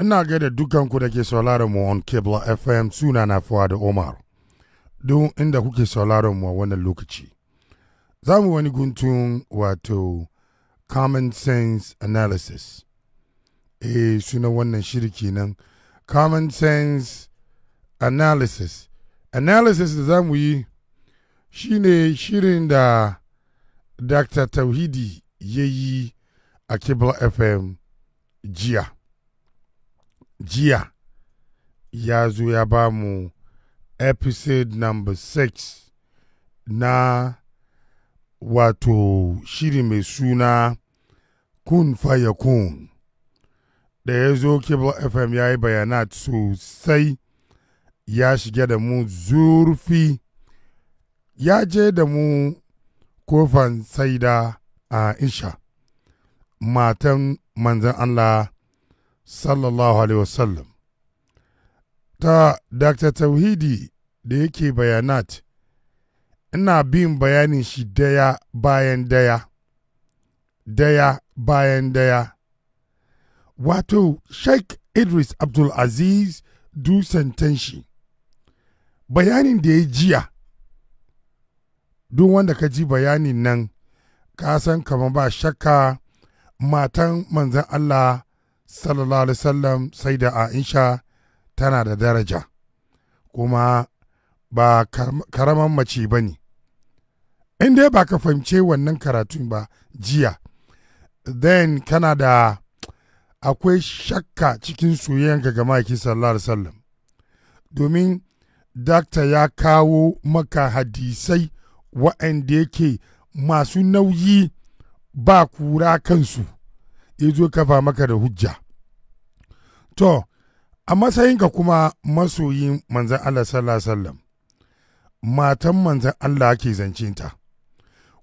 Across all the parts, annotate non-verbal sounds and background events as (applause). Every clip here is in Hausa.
Ina gaida dukanku da ke sauraron mu on Kebla FM suna na da Omar. don inda kuke sauraron mu a wannan lokaci. Za mu wani guntun wato Common Sense Analysis. e eh, suna wannan shiri kenan Common Sense Analysis. Analysis da za mu yi shi ne shirin da Dr. Tauhidi ya yi a Kebla FM jiya. jiya ya zo ya ba mu episode number 6 na wato shiri mai suna kun faya kun da ya zo cable fm ya yi bayanat sosai ya shige da mu zurfi ya je da mu kofan saida a insha matan manzan allah sallallahu alaihi wasallam ta dr tauhidi da yake bayanat ina bin bayanin shi daya bayan daya daya bayan daya wato sheikh idris abdul aziz dusantan shi bayanin da ya jiya duk wanda ka ji bayanin nan ka san kamar ba shakka matan manzan allah sallallahu alaihi wasallam sai da aisha tana da daraja kuma ba karaman mace ba ne in dai ba ka fahimce wannan karatun ba jiya then kana da akwai shakka cikin soyayyanka ga ma'aikin sallallahu alaihi wasallam domin dakta ya kawo maka hadisai wa'anda yake masu nauyi ba kura kansu ya zo kafa maka da hujja To, a matsayinka kuma masoyin manzan Allah sallallahu Alaihi wasallam, matan manzan Allah ke zancinta,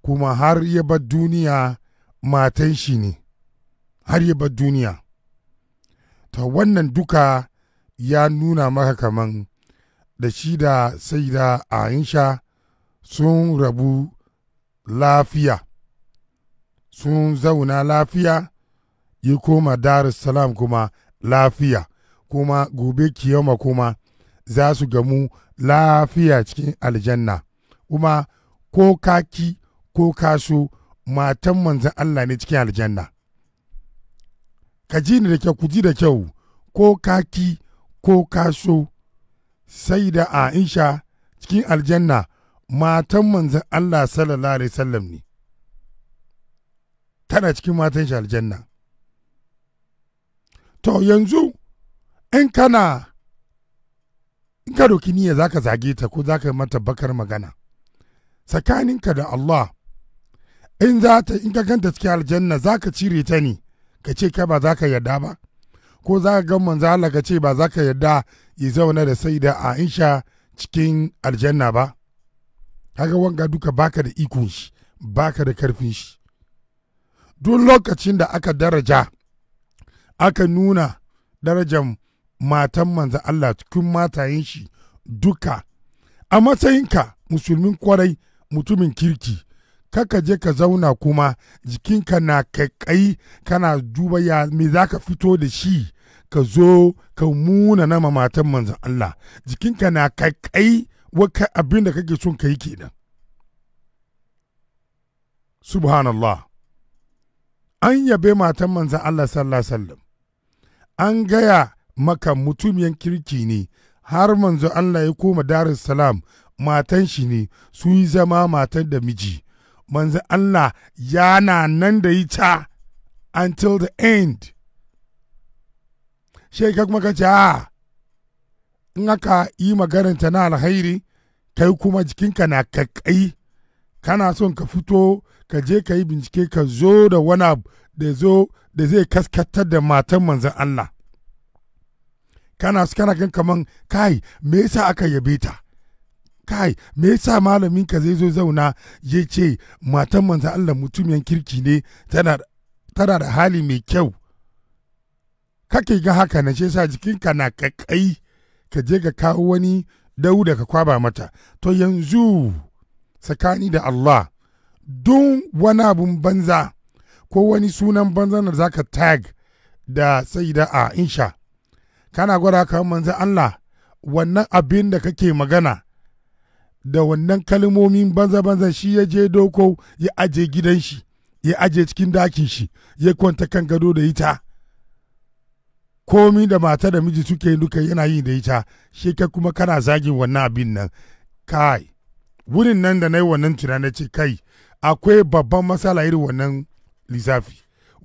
kuma har ya bar duniya matan shi ne, har ya bar duniya. Ta wannan duka ya nuna maka kaman da shi da sai da Aisha sun rabu lafiya, sun zauna lafiya, ya koma Dar kuma lafiya kuma gobe kiyama kuma za su gamu lafiya cikin aljanna kuma ko kaki ko kaso matan manzan Allah ne cikin aljanna ka ji ni da kyau ku ji da kyau ko kaki ko kaso sai da Aisha cikin aljanna matan manzan Allah sallallahu alaihi wasallam ne tana cikin matan shi aljanna to yanzu in kana in ka doki niyya za ka zage ta ko za ka mata bakar magana tsakaninka da Allah in za ta in ka ganta cikin aljanna za ka cire ta ne ka ce kai ba za ka yarda ba ko za ka gan manzo Allah ka ce ba za ka yarda ya zauna da sai da Aisha cikin aljanna ba kaga wanga duka baka da ikon shi baka da karfin shi duk lokacin da aka daraja aka nuna darajar matan manza Allah cikin matayen shi duka a matsayinka musulmin kwarai mutumin kirki kaka je ka zauna kuma jikinka na kaikai kana duba ya me za ka fito da shi ka zo ka muna nama matan manzan Allah jikinka na kaikai waka abin da kake son ka yi kenan subhanallah an yabe matan manzan Allah sallallahu alaihi wasallam an gaya maka mutumiyan kirki ne har manzo Allah ya koma darin Salam matan shi ne su yi zama matan da miji manzo Allah yana nan da ita until the end sai kuma ka ce a ah, in aka yi magaranta na alhairi kai kuma jikinka na kakai kana son ka fito ka je ka yi bincike ka zo da wani abu da zo da zai kaskatar da matan manzan Allah kana kana kan kaman kai me yasa aka yabe ta kai me yasa malamin ka zai zo zauna ya ce matan manzan Allah mutumin kirki ne tana da hali mai kyau kake ga haka na shi yasa jikinka na kakai ka je ka kawo wani dau da ka kwaba mata to yanzu tsakani da Allah don wani abun banza ko wani sunan banzan da zaka tag da sayida a insha kana gwada kamar manzan Allah wannan abin da kake magana da wannan kalmomin banza-banza shi ya je doko ya aje gidan shi ya aje cikin dakin shi ya kwanta kan gado da ita komi da mata da miji suke duka yana yi da ita shi ka kuma kana zagin wannan abin nan kai wurin nan da na yi wannan tunanin ce kai akwai babban matsala irin wannan lissafi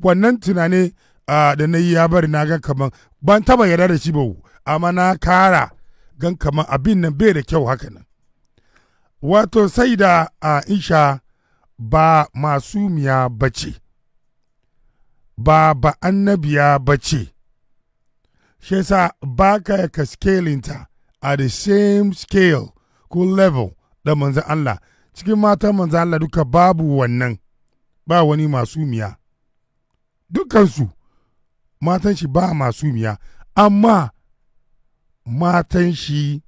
wannan tunanin da na yi ya bari na ga kaman ban taba yarda da shi ba amma na kara gan kaman abin nan bai da kyau haka nan wato sai da aisha ba masumiya ba ce ba ba annabiya bace ce shi yasa ba ka ka scalinta a the same scale ko level da manzan Allah cikin matan manzan Allah duka babu wannan ba wani masu miya dukansu matan shi ba masu miya amma matan shi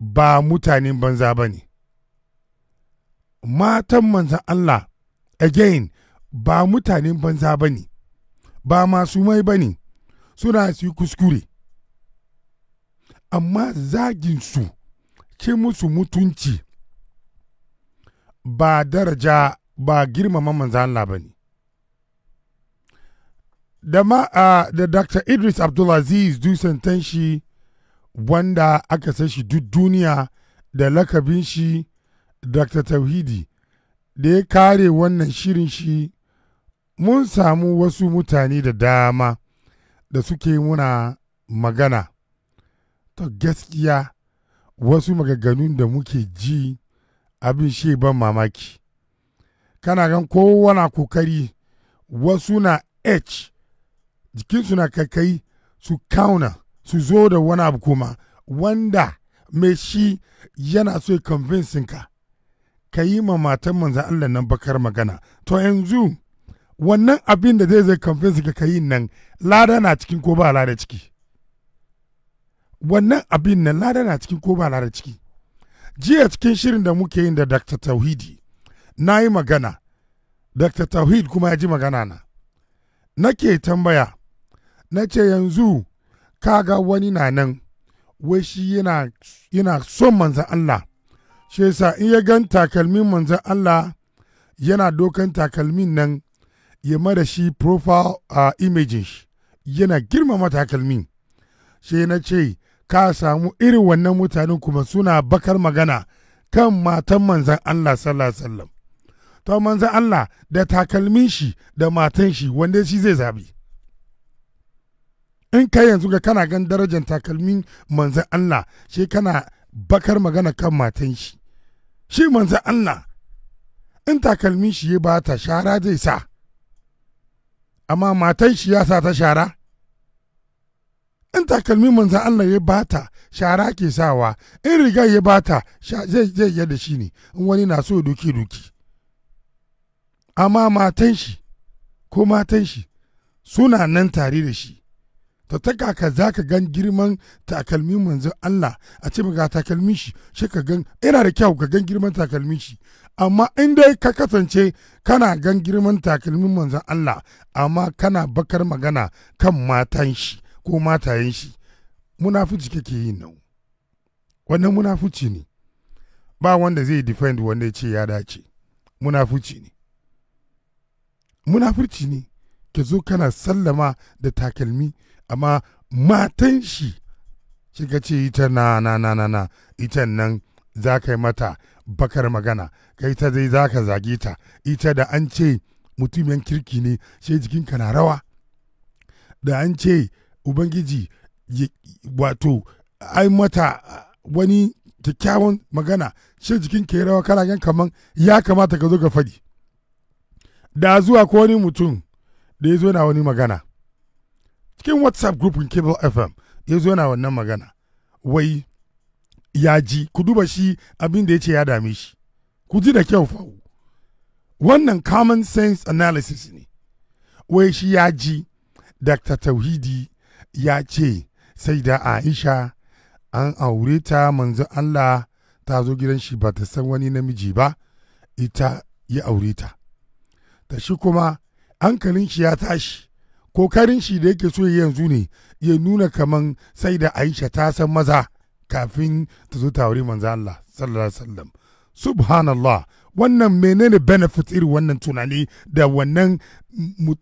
ba mutanen banza ba ne matan manzan Allah again ba mutanen banza ba ne ba mai ba ne suna su kuskure amma zaginsu ce musu mutunci ba daraja ba girmama manzan Allah ba ne. Da ma uh, da Dr. Idris Abdulaziz Dusan Tanshi wanda aka san shi duk duniya da lakabin shi Dr. Tauhidi da ya kare wannan shirin shi mun samu wasu mutane da dama da suke muna magana. To gaskiya wasu magaganun da muke ji abin shi ban mamaki. kana gan kowa na kokari wasu na h jikinsu na kakai su kauna su zo da wani abu kuma wanda mai shi yana so ya convince ka ka yi ma matan manzan Allah nan bakar magana to yanzu wannan abin da zai zai convince ka ka yi nan lada na cikin ko ba lada ciki wannan abin nan lada na cikin ko ba lada ciki jiya cikin shirin da muke yin da Dr. Tauhidi na yi magana dr tauhid kuma ya ji magana na nake tambaya na ce yanzu kaga wani na nan wai shi yana, yana son manzan Allah shi yasa in ya gan takalmin manzan Allah yana dokan takalmin nan ya mada shi profile uh, imaging shi yana girmama takalmin shi na ce ka samu irin wannan mutanen kuma suna bakar magana kan matan manzan Allah sallallahu to manzan Allah da takalmin shi da matan shi wanda shi zai zabi in ka yanzu ga kana gan darajar takalmin manzan Allah shi kana bakar magana kan matan shi shi manzan Allah in takalmin shi ya bata shara zai sa amma matan shi ya sa ta shara in takalmin manzan Allah ya bata shara ke sawa in riga ya bata zai da shi ne in wani na so duki duki amma matan shi ko matan shi suna nan tare da shi ta ta kaka za ka gan girman takalmin manzon Allah a ce ga takalmin shi shi ka gan yana da kyau ka gan girman takalmin shi amma in dai ka kasance kana gan girman takalmin manzon Allah amma kana bakar magana kan matan shi ko matayen shi munafuci kake yi nan wannan munafuci ne ba wanda zai defend wanda ya ce ya dace munafuci ne munafurci ne ke zo kana sallama da takalmi amma matan shi shiga ce ita na na na na na ita nan za ka yi mata bakar magana kai ta zai za ka zage ta ita da an ce mutumin kirki ne sai jikinka na rawa da an ce ubangiji wato ai mata wani kyakkyawan magana sai jikinka ya rawa kana gan kaman ya kamata ka zo ka faɗi da zuwa ko wani mutum da ya zo na wani magana cikin whatsapp group cable fm ya zo na wannan magana wai ya ji ku duba shi abin da ya ce ya dame shi ku ji da kyau fa wannan common sense analysis ne wai shi ya ji dr tauhidi ya ce sai da aisha an aure ta manzo allah ta zo gidan shi ba ta san wani namiji ba ita ya aure ta da shi kuma hankalin shi ya tashi kokarin shi da yake so ya yanzu ne ya nuna kaman sai da aisha ta san maza kafin ta zo ta aure manzo Allah sallallahu alaihi wasallam subhanallah wannan menene benefit irin wannan tunani da wannan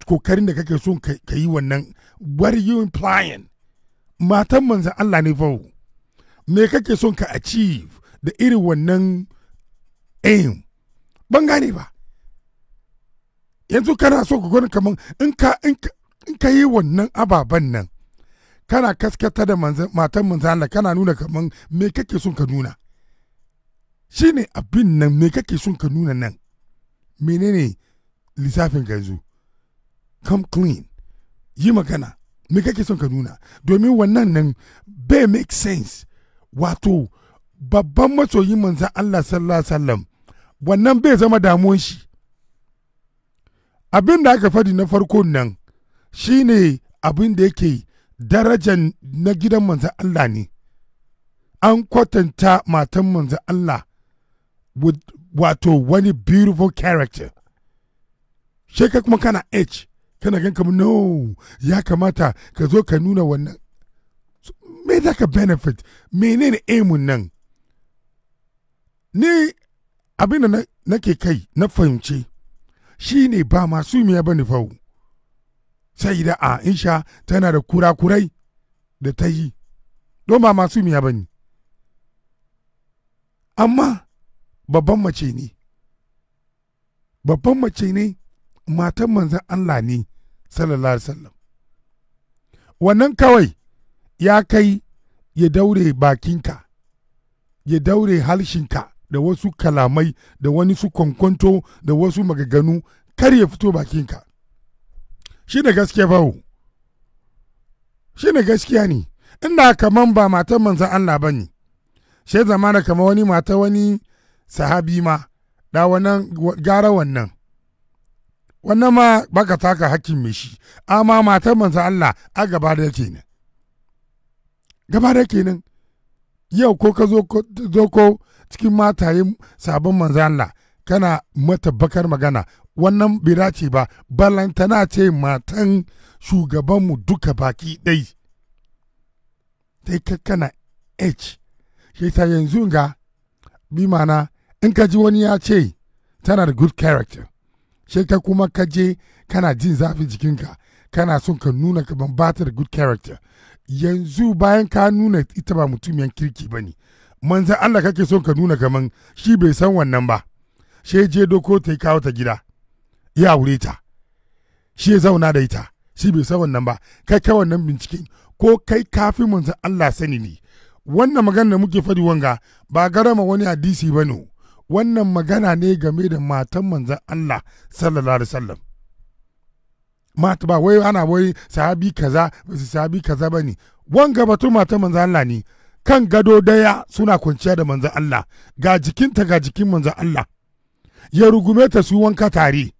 kokarin da kake so ka yi wannan what are you implying matan manzo Allah ne fa me kake so ka achieve da irin wannan aim ban gane ba yanzu kana so ka gani kamar in ka in ka yi wannan ababen nan kana kaskata da matan manzan Allah kana nuna kaman me kake son ka nuna shine abin nan me kake son ka nuna nan menene lissafin ka yanzu come clean yi magana me kake son ka nuna domin wannan nan bai make sense wato babban masoyin manzan Allah sallallahu alaihi wasallam wannan bai zama damuwan shi abin da aka faɗi na farko nan shine abin da yake darajan na gidan manzan Allah ne an kwatanta matan manzan Allah wato wani beautiful character shi ka kuma kana h kana gan kamar no ya kamata ka zo ka nuna wannan me za ka benefit menene aimun nan ni abin da nake kai na fahimci shi ne ba masu miya ba ne fau sai da a insha tana da kurakurai da ta yi don ba masu miya ba ne amma babban mace ne babban mace ne matan manzan Allah ne sallallahu wasallam wannan kawai ya kai ya daure bakinka ya daure halshinka da wasu kalamai da wani su kwankwanto da wasu magaganu kar ya fito bakinka shi da gaskiya bawo shi da gaskiya ne inda kaman ba matan manzan Allah ba ne shi zamana kama wani mata wani sahabi ma da wannan gara wannan wannan ma baka taka hakkin mai shi amma matan manzan Allah a gaba da yake ne gaba da kenan yau ko ka zo ko cikin matayin sabon manzala kana mata magana wannan bai dace ba balantana ce matan shugabanmu duka baki ɗai sai kana h shi ta yanzu ga bi in ka ji wani ya ce tana da good character shi ka kuma ka je kana jin zafin jikinka kana son ka nuna ka ban ba ta da good character yanzu bayan ka nuna ita ba mutumiyan kirki ba ne manzan Allah kake son ka nuna kaman shi bai san wannan ba shi je doko ta yi kawo ta gida ya aure ta shi ya zauna da ita shi bai san wannan ba kai kai wannan binciken ko kai kafin manzan Allah sani ne wannan magana da muke fadi wanga ba garama wani hadisi ba ne wannan magana ne game da matan manzan Allah sallallahu alaihi wasallam mata ba wai ana wai sahabi kaza ba sahabi kaza bane wanga batun matan manzan Allah ne kan gado daya suna kwanciya da manzan Allah ga jikinta ga jikin manzan Allah ya rugume ta su wanka tare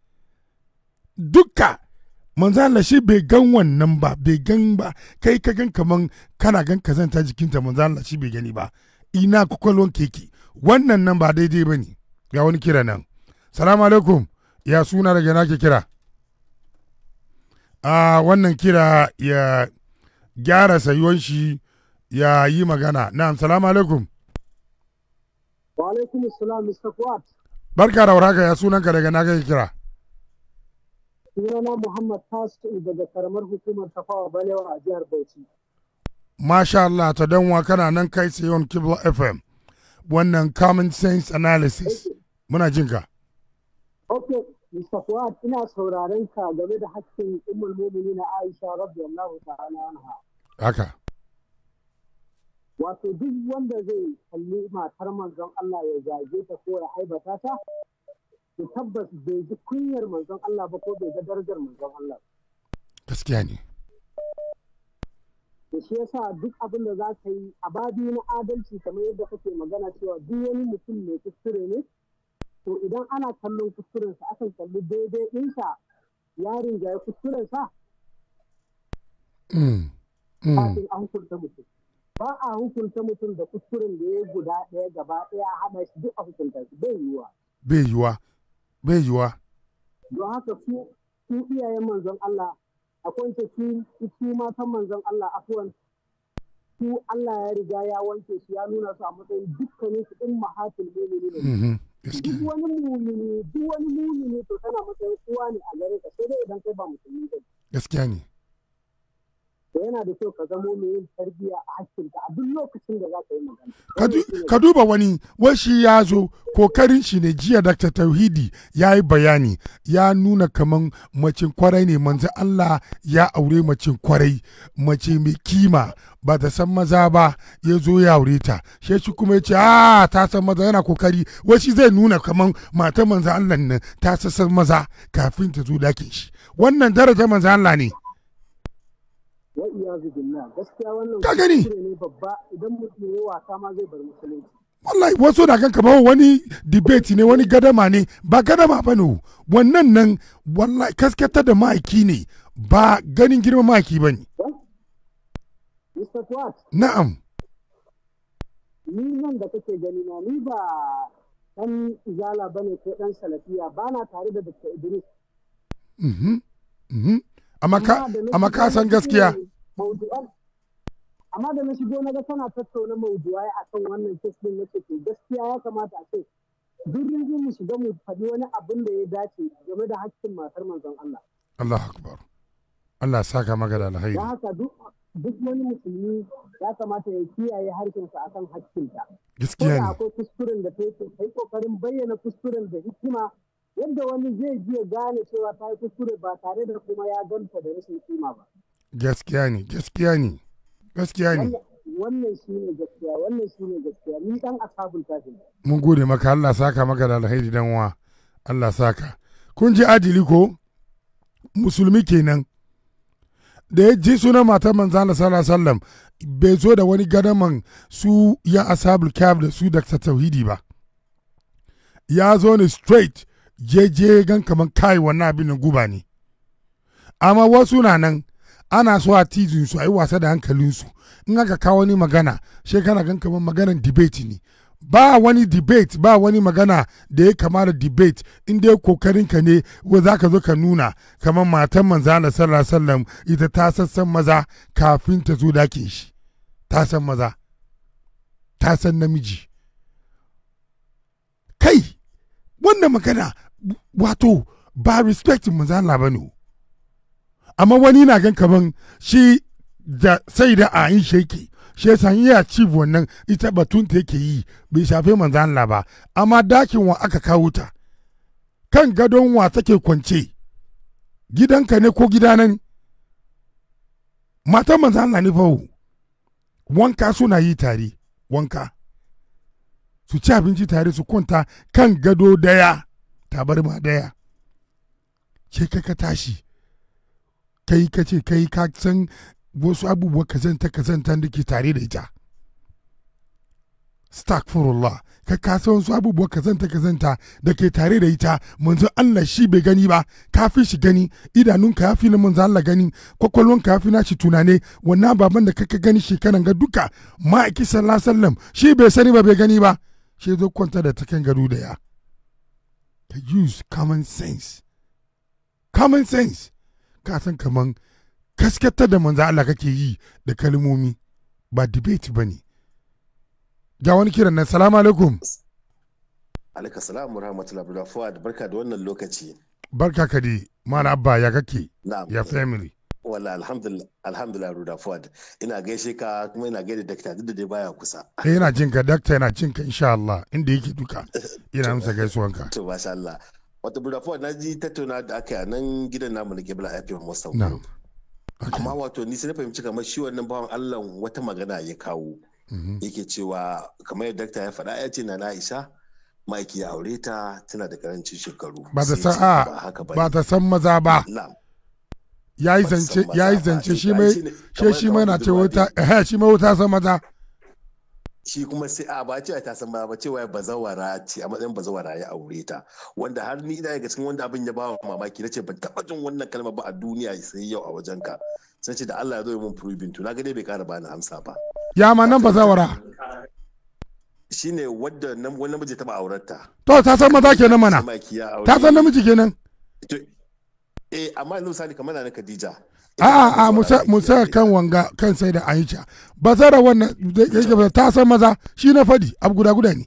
dukka manzan Allah shi bai gan wannan ba bai gan ba kai ka gan kaman kana gan ka zanta jikinta manzan Allah shi bai gani ba ina kwakwalwan keke wannan nan ba daidai ba ne ga wani kira nan salamu alaikum ya suna daga nake kira a ah, wannan kira ya gyara sayuwan shi ya yi magana na'am salamu alaikum wa alaikum salam mr fuad barka da warhaka ya sunanka daga na kai kira sunana muhammad tasu daga karamar hukumar tafawa balewa a jihar bauchi masha Allah ta danwa kana nan kai sai on kibla fm wannan common sense analysis muna jin ka ok mr fuad ina sauraren ka game da hakkin umar mumini na aisha rabbi Allah ta'ala anha haka wato duk wanda zai kalli matar manzon Allah ya zage ta ko ya aibata ta to tabbas bai ji kunyar manzon Allah ba ko bai ga darajar manzon Allah gaskiya ne da shi yasa duk abin da za ka yi a babu na adalci kamar yadda kake magana cewa duk wani mutum mai kuskure ne to idan ana kallon kuskurensa akan kalli daidai ɗinsa yarin ga kuskurensa mm, mm. kafin an hukunta mutum ba a hukunta mutum da kuskuren da ya guda ɗaya gaba ɗaya a haɗa shi duk a hukunta shi bai yiwa. Bai yiwa, bai yiwa. Don haka su su iyayen manzon Allah a kwance su su matan manzon Allah afuwan su Allah ya riga ya wanke su ya nuna su a matsayin dukkanin su in mahatul mu'minin. Mhm, duk wani mumini, duk wani mumini to tana matsayin uwa ne a gare ka sai dai idan kai ba musulmi ne. Gaskiya ne. yana da kyau ka zamo mai yin tarbiyya a hakkin ka a duk lokacin da za ka yi magana ka duba wani washi ya zo kokarin shi ne jiya Dr. Tauhidi ya yi bayani ya nuna kaman macin kwarai ne manzo Allah ya aure macin kwarai mace mai kima ba ta san maza ba ya zo ya aure ta shi shi kuma ya ce a ah, ta san maza yana kokari washi zai nuna kamar mata manzo Allah ne ta san maza kafin ta zo dakin shi wannan daraja manzo Allah ne ka gani wallahi wasu da kan kamar wani debate ne wani gadama ne ba gadama ba ne wannan nan wallahi kaskata da ma'aiki ne ba ganin girma ma'aiki ba ne na'am nan da kake gani na ni ba dan izala ba ne ko dan salafiya ba na tare da Dr. Idris mhm. Mhm. amma ka san gaskiya maudu'an amma da na shigo na ga tana tattauna maudu'ai akan wannan kes na to gaskiya ya kamata a ce duk rinjin mu shiga mu faɗi wani abin da ya dace game da hakkin matar manzon Allah Allah akbar Allah da Ya haka duk wani musulmi ya kamata ya kiyaye harkinsa akan hakkinta gaskiya ne akwai kuskuren da ta yi kokarin bayyana kuskuren da hikima yadda wani zai je gane cewa ta yi kuskure ba tare da kuma ya ganta da rashin kima ba Gaskiya ne, gaskiya ne, gaskiya ne. Wannan shi ne gaskiya, wannan shi ne gaskiya, ni ɗan asabun tashi. Mun gode maka Allah saka maka da alheri dan wa, Allah saka. Kun ji adili ko? Musulmi kenan. da ya ji sunan matar Allah sallallahu sallam bai zo da wani gadaman su ya asabul kaf da su da tauhidi ba ya zo ne straight je je gan kaman kai wannan abin guba ne amma wasu na nan ana so a tizinsu su a yi wasa da hankalinsu in aka kawo wani magana shi kana gan kamar maganan debate ne ba wani debate ba wani magana da ya kama da debate in dai kokarin ka ne wa za ka zo ka nuna kamar matan manza sallallahu sallam ita ta sassan maza kafin ta zo dakin shi ta san maza ta san namiji kai wannan magana wato ba respect manzana ba ne amma wani na gan kaman shi da sai da a yin sheki shi yasa in ya ci wannan ita batun ta yake yi bai shafe manzo Allah ba amma dakin wa aka kawo ta kan gadon wa take kwance gidanka ne ko gidanan matan manzo Allah ne fa wanka suna yi tare wanka su ci abinci tare su kwanta kan gado daya tabarma daya ke tashi kai ka ce kai ka san wasu abubuwa kazanta kazanta da ke tare da ita stagfirullah ka kasa wasu abubuwa kazanta kazanta da ke tare da ita manzo Allah shi bai gani ba ka fi shi gani idanunka ya fi na manzo Allah gani kwakwalwanka ya fi na shi tunane wannan baban da kaka gani shekaran ga duka ma'aiki sallallahu sallam shi bai sani ba bai gani ba shi zo kwanta da takan gado da ya ka use common sense common sense ka san kaman kaskantar da manzo Allah kake yi da kalmomi ba debate ba ne ga wani kiran nan salamu alaikum alaika salamu rahmatullahi wa fuad barka da wannan lokaci barka ka dai mana abba ya kake ya family wala alhamdulillah alhamdulillah ruda fuad ina gaishe ka kuma ina gaida dakta duk da dai baya kusa eh ina jinka dakta yana jinka insha Allah inda yake duka ina amsa gaisuwanka (laughs) to masha Allah wata budafuwa na ji tattauna da aka yi nan gidan namu na gibla a yafi musa amma wato ni sai na fahimci kamar shi wannan bawan allah wata magana ya kawo mm-hmm. yake cewa kamar yadda ta ya faɗa ya ce na aisha maiki ya aure ta tana da karancin shekaru ba ta san a ba ta san maza ba ya yi zance shi mai na ce wuta eh, shi mai wata san maza shi kuma sai a ba cewa ta san ba ba cewa bazawara ce a matsayin bazawara ya aure ta wanda har ni ina ga cikin wanda abin ya ba mamaki nace ban taba jin wannan kalma ba a duniya sai yau a wajen ka sai ce da Allah ya zo mun proving to na ga dai bai kara bani amsa ba ya ma nan bazawara shine wadda wani namiji ba aurarta to ta san maza kenan mana ta san namiji kenan eh amma yanzu Sani kamar na Khadija a a musa musa kan wanga kan sai da aisha ba zara wannan yake ta san maza shi na fadi abu guda guda ne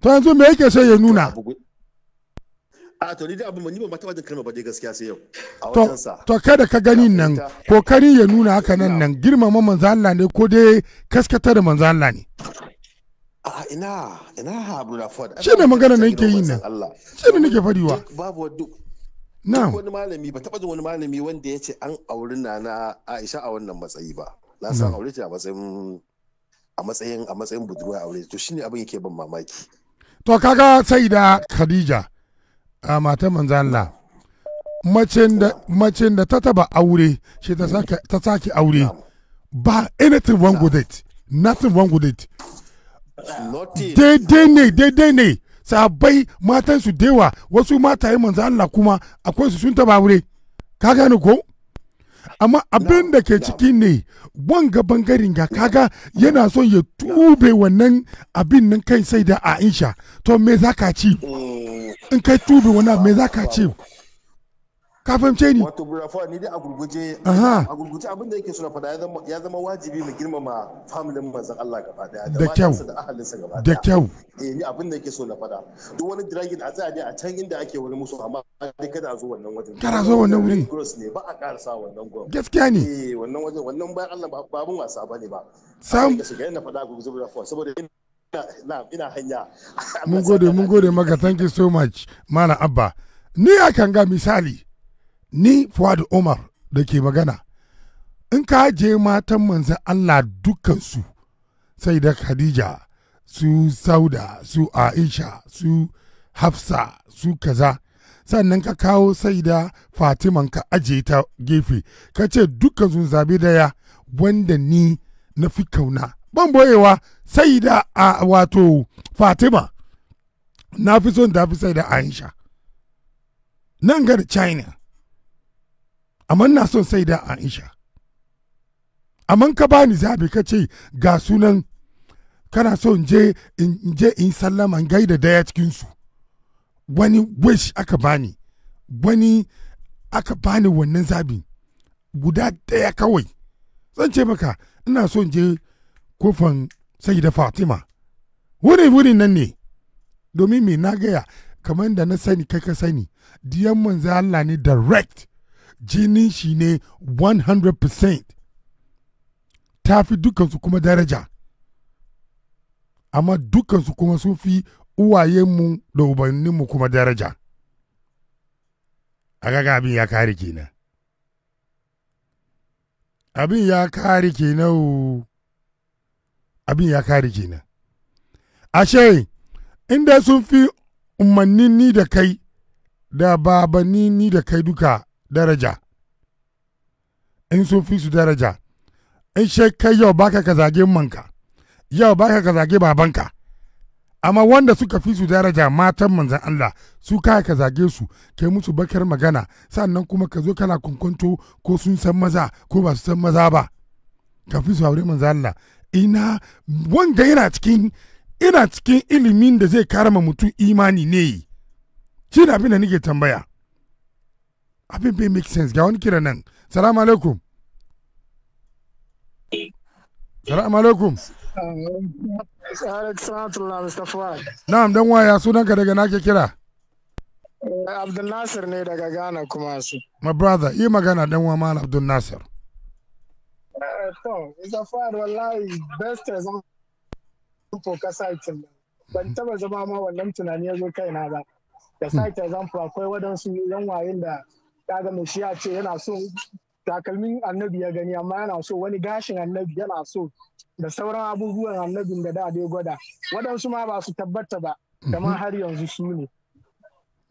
to yanzu me yake sai ya nuna a to ni da abu ni ba mata wajen kalma ba dai gaskiya sai yau a wajen sa to kada ka gani nan kokari ya nuna haka nan nan girmama manzo Allah ne ko dai kaskata da manzo Allah ne a ina ina ha abu na fada shi ne magana nan ke yi nan shi ne nake fadiwa babu duk Na'am. Wani malami ba taɓa jin wani malami wanda ya ce an auri na na Aisha a wannan matsayi ba. Na san aure ta a matsayin a matsayin a matsayin budurwa aure to shine abin yake ban mamaki. To kaga sai da Khadija a matan manzo Allah macin da da ta taba aure shi ta saka ta saki aure ba anything wrong with it nothing wrong with it daidai ne daidai ne sabai matan su dewa wasu mata yi manzan Allah kuma akwai su sun taba aure ka gane ko amma abin da ke ciki ne wanga bangaren ga kaga yana son ya tube wannan abin nan kai sai da Aisha to me zaka ci mm. in kai tube wannan me zaka ci ka fahimce ni wato burafa ni dai a gurguje a gurguje abin da yake suna fada ya zama wajibi mu girmama familin manzon Allah gaba daya da kyau da ahalinsa gaba daya da kyau eh ni abin da yake so na fada duk wani dragon a tsaya dai a can inda ake wani musu amma dai kada zo wannan wajen kada zo wannan wuri cross ne ba a karasa wannan gwam gaskiya ne eh wannan wajen wannan bayan Allah ba babun wasa bane ba sam ka shiga ina fada gurguje burafa saboda ina hanya mun gode mun gode maka thank you so much malam abba ni akan ga misali ni Fuad Umar da ke magana in ka je matan manzan Allah dukansu sai da Khadija su Sauda su Aisha su Hafsa su kaza sannan ka kawo sai da Fatiman ka aje ta gefe ka ce dukkan sun zabi daya wanda ni na fi kauna ban boyewa sai da a wato Fatima na fi son da fi sai da Aisha nan ga China amma na son sai da aisha amma ka bani zabi ka ce ga sunan kana so in je in je in sallama gaida daya cikin su wani wish aka bani wani aka bani wannan zabi guda daya kawai zan ce maka ina so in je kofan da fatima wuri wuri nan ne domin me na gaya kamar da na sani kai ka sani diyan manzo Allah ne direct jinin shi ne 100% ta fi dukansu kuma daraja amma dukansu kuma sun fi uwayenmu da ubanninmu kuma daraja a gaga abin ya kare kenan abin ya kare kenan abin ya kare kenan ashe inda sun fi umarnin ni da kai da babanni ni da kai duka daraja in sun fi su daraja in she kai yau baka ka zage manka yau baka ka zage babanka amma wanda suka fi su daraja matan manzan Allah su kaya ka zage su kai musu bakar magana sannan kuma ka zo kana kunkunto ko sun san maza ko ba su san maza ba ka fi su aure manzan Allah ina wanda yana cikin ina cikin ilimin da zai karama mutum imani ne shi na abin da nake tambaya abin bai make sense ga wani kira nan salamu alaikum salamu alaikum na'am dan waya sunan ka daga nake kira abdul nasir ne daga ghana kuma su my brother yi magana dan wa mal abdul nasir eh, to ita wallahi best zama ko kasa ban taba zama ma wannan tunani ya zo kai na ba da hmm. sake example akwai waɗansu yan wayin da kaga mai shi ya ce yana so takalmin annabi ya gani amma yana so wani gashin annabi yana so da sauran abubuwan annabin da da dai gwada waɗansu ma ba su tabbata ba kamar mhm. har yanzu su ne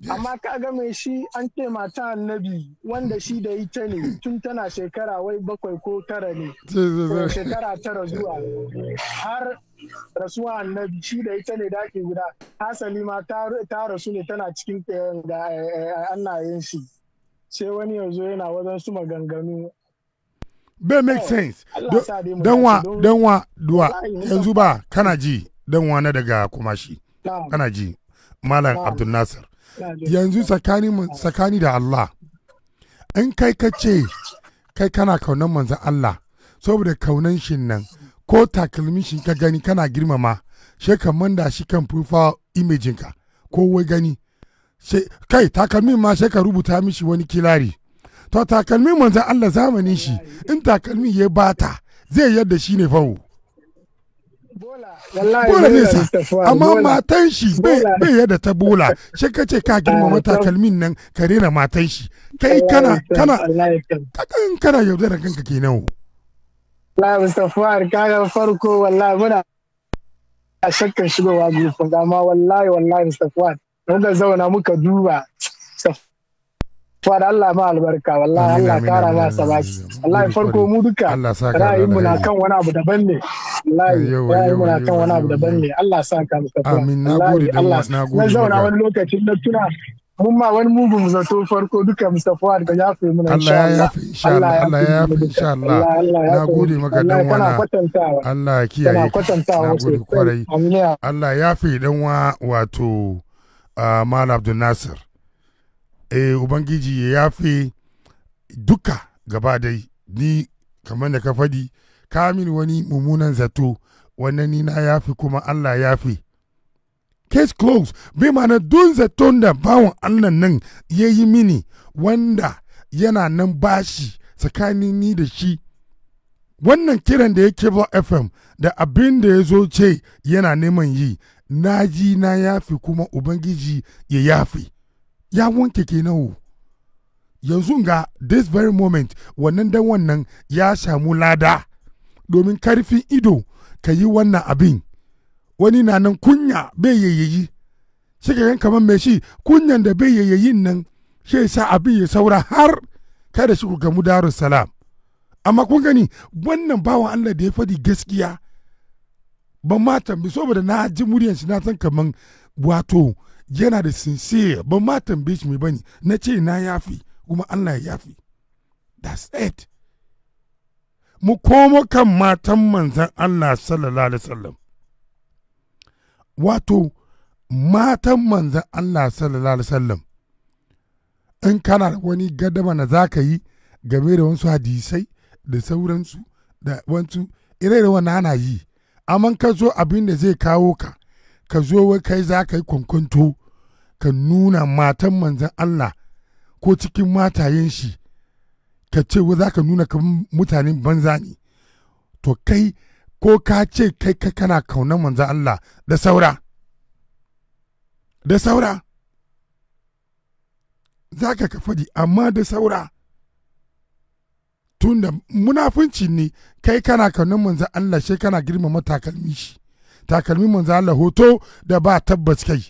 amma kaga mai shi an ce mata annabi wanda shi da ita ne tun tana shekara wai bakwai ko tara ne shekara tara zuwa har rasuwa annabi shi da ita ne dake guda hasali ma ta rasu ne tana cikin eh, eh, eh, annayen shi sai wani yanzu yana wajen su maganganu bai make sense danwa danwa duwa yanzu ba kana ji danwa na daga kumashi kana ji malam abdul nasir yanzu tsakani da allah in kai ka ce kai kana kaunan manzan allah saboda kaunan shi nan ko takalmin shi ka gani kana girmama she manda shi kan fufa imejinka ko wai gani kai takalmin ma sai ka rubuta mishi wani kilari to takalmin manzan Allah zamanin shi in takalmin ya bata zai yadda shi ne fawo bola ne sa amma matan shi bai yadda ta bola shi ka ce ka girmama takalmin nan ka rera matan shi kai kana kana kakan kana yaudarar kanka kenan Allah Mustafar kaga farko wallahi muna shakkan shigowa gurfin amma wallahi wallahi Mustafar da zauna muka duba fada Allah ma albarka wallahi Allah kara ma sabaki wallahi farko mu duka ra'ayin mu na kan wani abu daban ne wallahi ra'ayin mu na kan wani abu daban ne Allah sa ka mu kafa amin nagode da Allah na zauna wani lokaci na tuna mun ma wani mugun zato farko duka Mustafa da ya fi mun insha Allah Allah ya yafi insha Allah Allah gode maka dan wana Allah ya kiyaye kana kwatantawa kwarai Allah ya fi dan wa wato uh, mal abdul nasir e ubangiji ya yafe duka gaba dai ni kamar da ka faɗi ka wani mummunan zato wannan ni na yafi kuma allah yafi case close bai mana dun zaton da bawan allah nan ya yi mini wanda yana nan bashi tsakanin ni da shi wannan kiran da ya cable fm da abin da ya zo ce yana neman yi na ji na yafi kuma ubangiji ya yafi ya wanke kenan yanzu ga this very moment wannan dan wannan ya samu lada domin karfin ido ka yi wannan abin wani na nan kunya bai yayyayi. shi yan kamar mai shi kunyan da bai yayyayin nan shi sa abin ya saura har kada shi ku gamu darussalam amma kun gani wannan bawan Allah da ya faɗi gaskiya ban ma tambi saboda na ji muryan shi na san kaman wato yana da sincere ban ma tambi shi mai bani na ce na yafi kuma Allah ya yafi that's it mu komo kan matan manzan Allah sallallahu alaihi wasallam wato matan manzan Allah sallallahu alaihi wasallam in kana da wani gadama na za ka yi game da wasu hadisai da sauransu da wasu ire-iren wannan ana yi amma ka zo abin da zai kawo ka ka zo wai kai za ka yi kwankwanto ka nuna matan manzan Allah ko cikin matayen shi ka ce wai za ka nuna ka mutanen banza ne to kai ko ka ce kai ka kana kaunar manzan Allah da saura da saura za ka ka faɗi amma da saura tunda munafunci ne kai kana kaunin manzan Allah shi kana girmama takalmi shi takalmi manzan Allah hoto da ba tabbas kai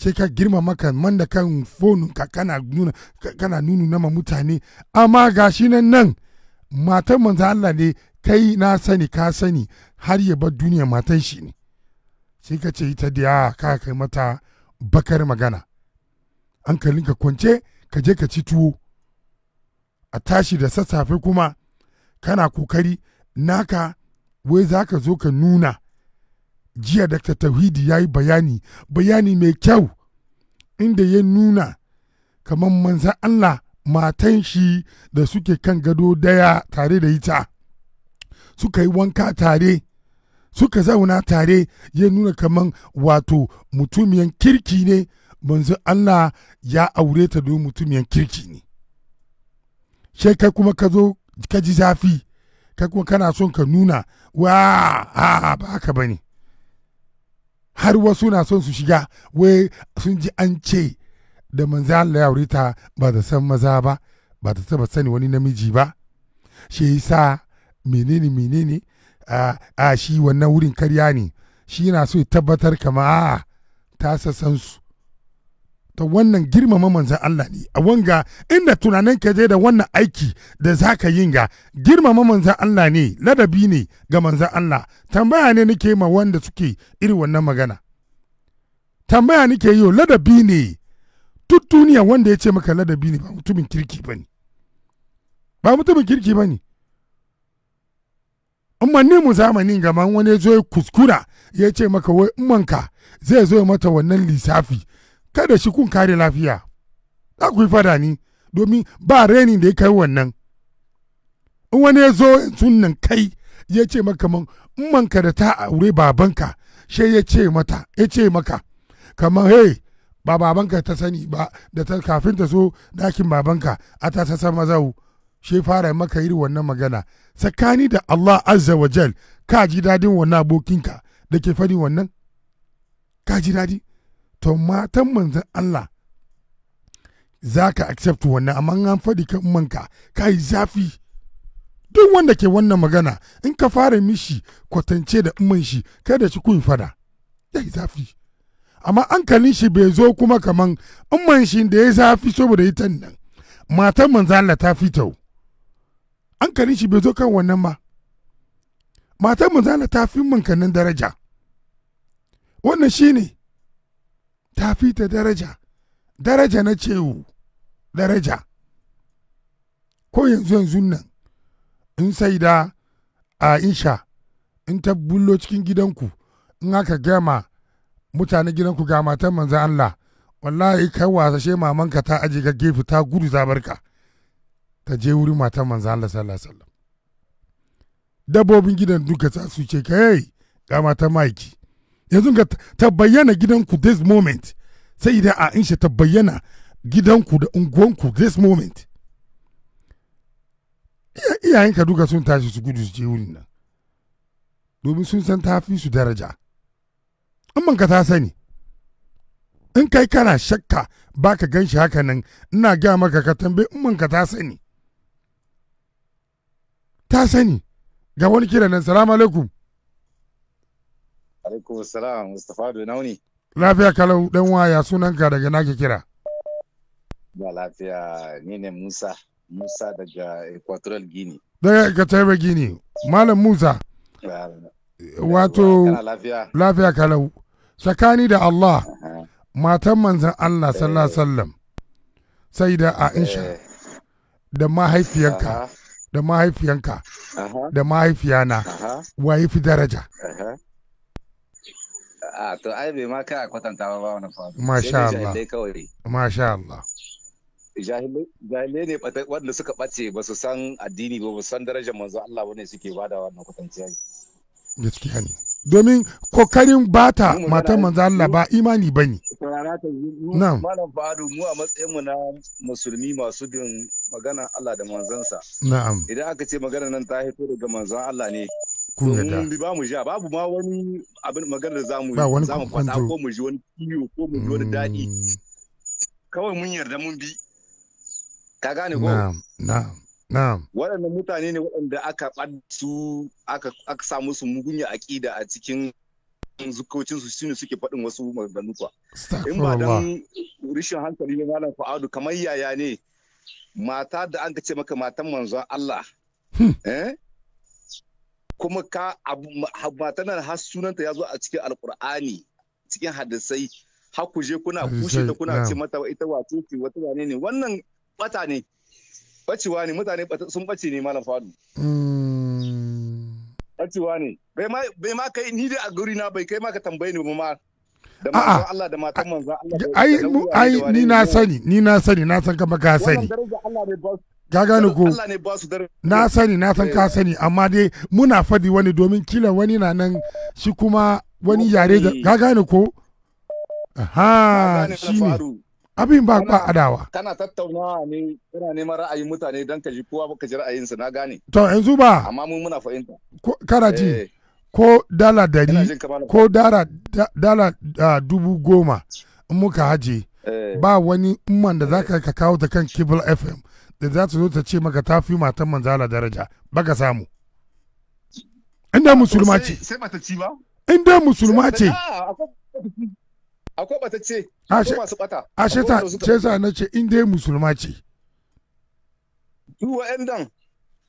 shi ka girmama kan man da kan fonin ka kana nuna kana ma mutane amma ga shi nan nan matan manzan Allah ne kai na sani ka sani har ya bar duniya matan shi ne sai ka ce ita da ah, ka kai mata bakar magana an ka kwance ka je ka ci tuwo a tashi da sassafe kuma kana kokari naka wai za ka zo ka nuna jiya dr tauhidi ya yi bayani bayani mai kyau inda ya nuna kamar manzan allah matan shi da suke kan gado daya tare da ita suka yi wanka tare suka zauna tare ya nuna kamar wato mutumiyan kirki ne manzan Allah ya aure ta don mutumiyan kirki ne sai kai kuma ka zo ka ji zafi kai kuma kana son ka nuna wa ha ba haka bane har wasu na son su shiga wai sun ji an ce da manzo Allah ya wurita ba da san maza ba ba ta taba sani wani namiji ba shi yasa menene menene a shi wannan wurin karya ne shi na so ya tabbatar kama a ta san su ta wannan girmama manzan Allah ne a wanga inda tunanin ka je da wannan aiki da za ka yin ga girmama manzan Allah ne ladabi ne ga manzan Allah tambaya ne nake ma wanda suke iri wannan magana tambaya nake yi ladabi ne duk duniya wanda ya ce maka ladabi ne ba mutumin kirki ba ne ba mutumin kirki ba ne umarni mu zamanin gama wani zo ya kuskura ya ce maka wai umanka zai zo mata wannan lissafi Kada shi kun kare lafiya za ku yi fada ni domin ba reni da ya kai wannan in wani ya zo sunan kai ya ce maka man ka da ta aure babanka she ya ce mata ya ce maka kamar hey ba babanka ta sani ba da ta kafin ta so dakin babanka a ta sassa mazau she fara maka iri wannan magana tsakani da Allah azza wa jal ka ji dadin wannan abokinka da ke fari wannan ka ji dadi to matan manzan Allah za ka accept wannan amma an faɗi kan manka ka yi zafi duk wanda ke wannan magana in ka fara mishi kwatance da umman shi kai da shi kun fada ya yi zafi amma hankalin shi bai zo kuma kaman umman shi da ya zafi saboda ita nan matan manzan Allah ta fito hankalin shi bai zo kan wannan ba matan manzan Allah ta fi nan daraja wannan shine ta fi ta daraja daraja na cewu daraja ko yanzu yanzu nan in sai da aisha in ta bullo cikin gidanku in aka gama mutane gidanku ga matan manzan Allah wallahi kai wasashe mamanka ta aje ga gefe ta gudu zabarka ta je wurin matan manzan Allah sallallahu alaihi wasallam dabbobin gidan duka ta su ce kai ga matan maiki yanzu ga ta bayyana gidanku this moment sai idan a insha ta bayyana gidanku da unguwanku this moment iyayenka duka sun tashi su gudu su je wurin nan domin sun san ta fi su daraja amman ka ta sani in kai kana shakka baka gan shi haka nan ina gaya maka ka tambaye amman ka ta sani ta sani ga wani kira nan salamu alaikum Alaikum salam Mustapha Donauni. Lafiya kalau dan waya sunan ka daga nake kira. Ba lafiya ni ne Musa Musa daga Equatorial Guinea. Daga Equatorial Guinea. Malam Musa. Wato lafiya kalau tsakani da Allah matan manzan Allah sallallahu sallam sai da Aisha eh. da mahaifiyanka da mahaifiyanka da mahaifiyana waye fi daraja. a to ai bai ma kai a kwatanta ba ba wani faru masha Allah masha Allah jahilai ne wanda suka ɓace ba su san addini ba ba san darajar manzo Allah bane ne suke bada da wannan kwatanciya gaskiya ne domin kokarin bata matan manzo Allah ba imani ba ne malam fadu mu a matsayin mu na musulmi masu bin magana Allah da manzansa na'am idan aka ce magana nan ta hito daga manzon Allah ne kun yadda ba mu ja babu ma wani abin maganar za mu za mu fada ko mu ji wani kiyo ko mu ji wani mm. daɗi kawai mun yarda mun bi ka gane ko na'am na'am waɗannan mutane ne waɗanda aka ɓaddu aka aka sa musu mugunya aƙida a cikin zukocin su shine suke faɗin wasu maganganu kwa in ba dan rishin hankali ne malam fa'adu kamar yaya ne mata da an ka ce maka matan manzon Allah hmm. eh kuma ka matanar har sunanta ya zo a cikin alkur'ani cikin hadisai har ku je kuna kushe ta kuna ce mata ita wato ce wata wane ne wannan bata ne bacewa ne mutane sun bace ne malam fadu hmm. bacewa ne bai ma kai ni dai a guri na bai kai ma ka tambaye ne ba ma da manzon Allah da matan manzo Allah ai ni na sani ni na sani na san kama ka sani wannan daraja Allah ne ba ka gane ko na eh, sani na san ka eh. sani amma dai muna fadi wani domin kila wani na nan shi kuma wani yare da ka gane ko ha shi ne abin ba ba adawa kana tattaunawa ne kana neman ra'ayin mutane don ka ji kowa baka ji ra'ayinsa na gane to yanzu ba amma mu muna fahimta kana ji eh. ko dala dari ko dala dala dubu goma in muka haje ba wani umman da zaka ka kawo ta kan cable fm da za su zo ta ce maka ta fi matan manzala daraja baka samu inda musulma ce sai bata ci ba inda musulma ce ah, akwai bata ce ko masu bata ashe ah, ta ce sa na ce inda musulma ce su wa'annan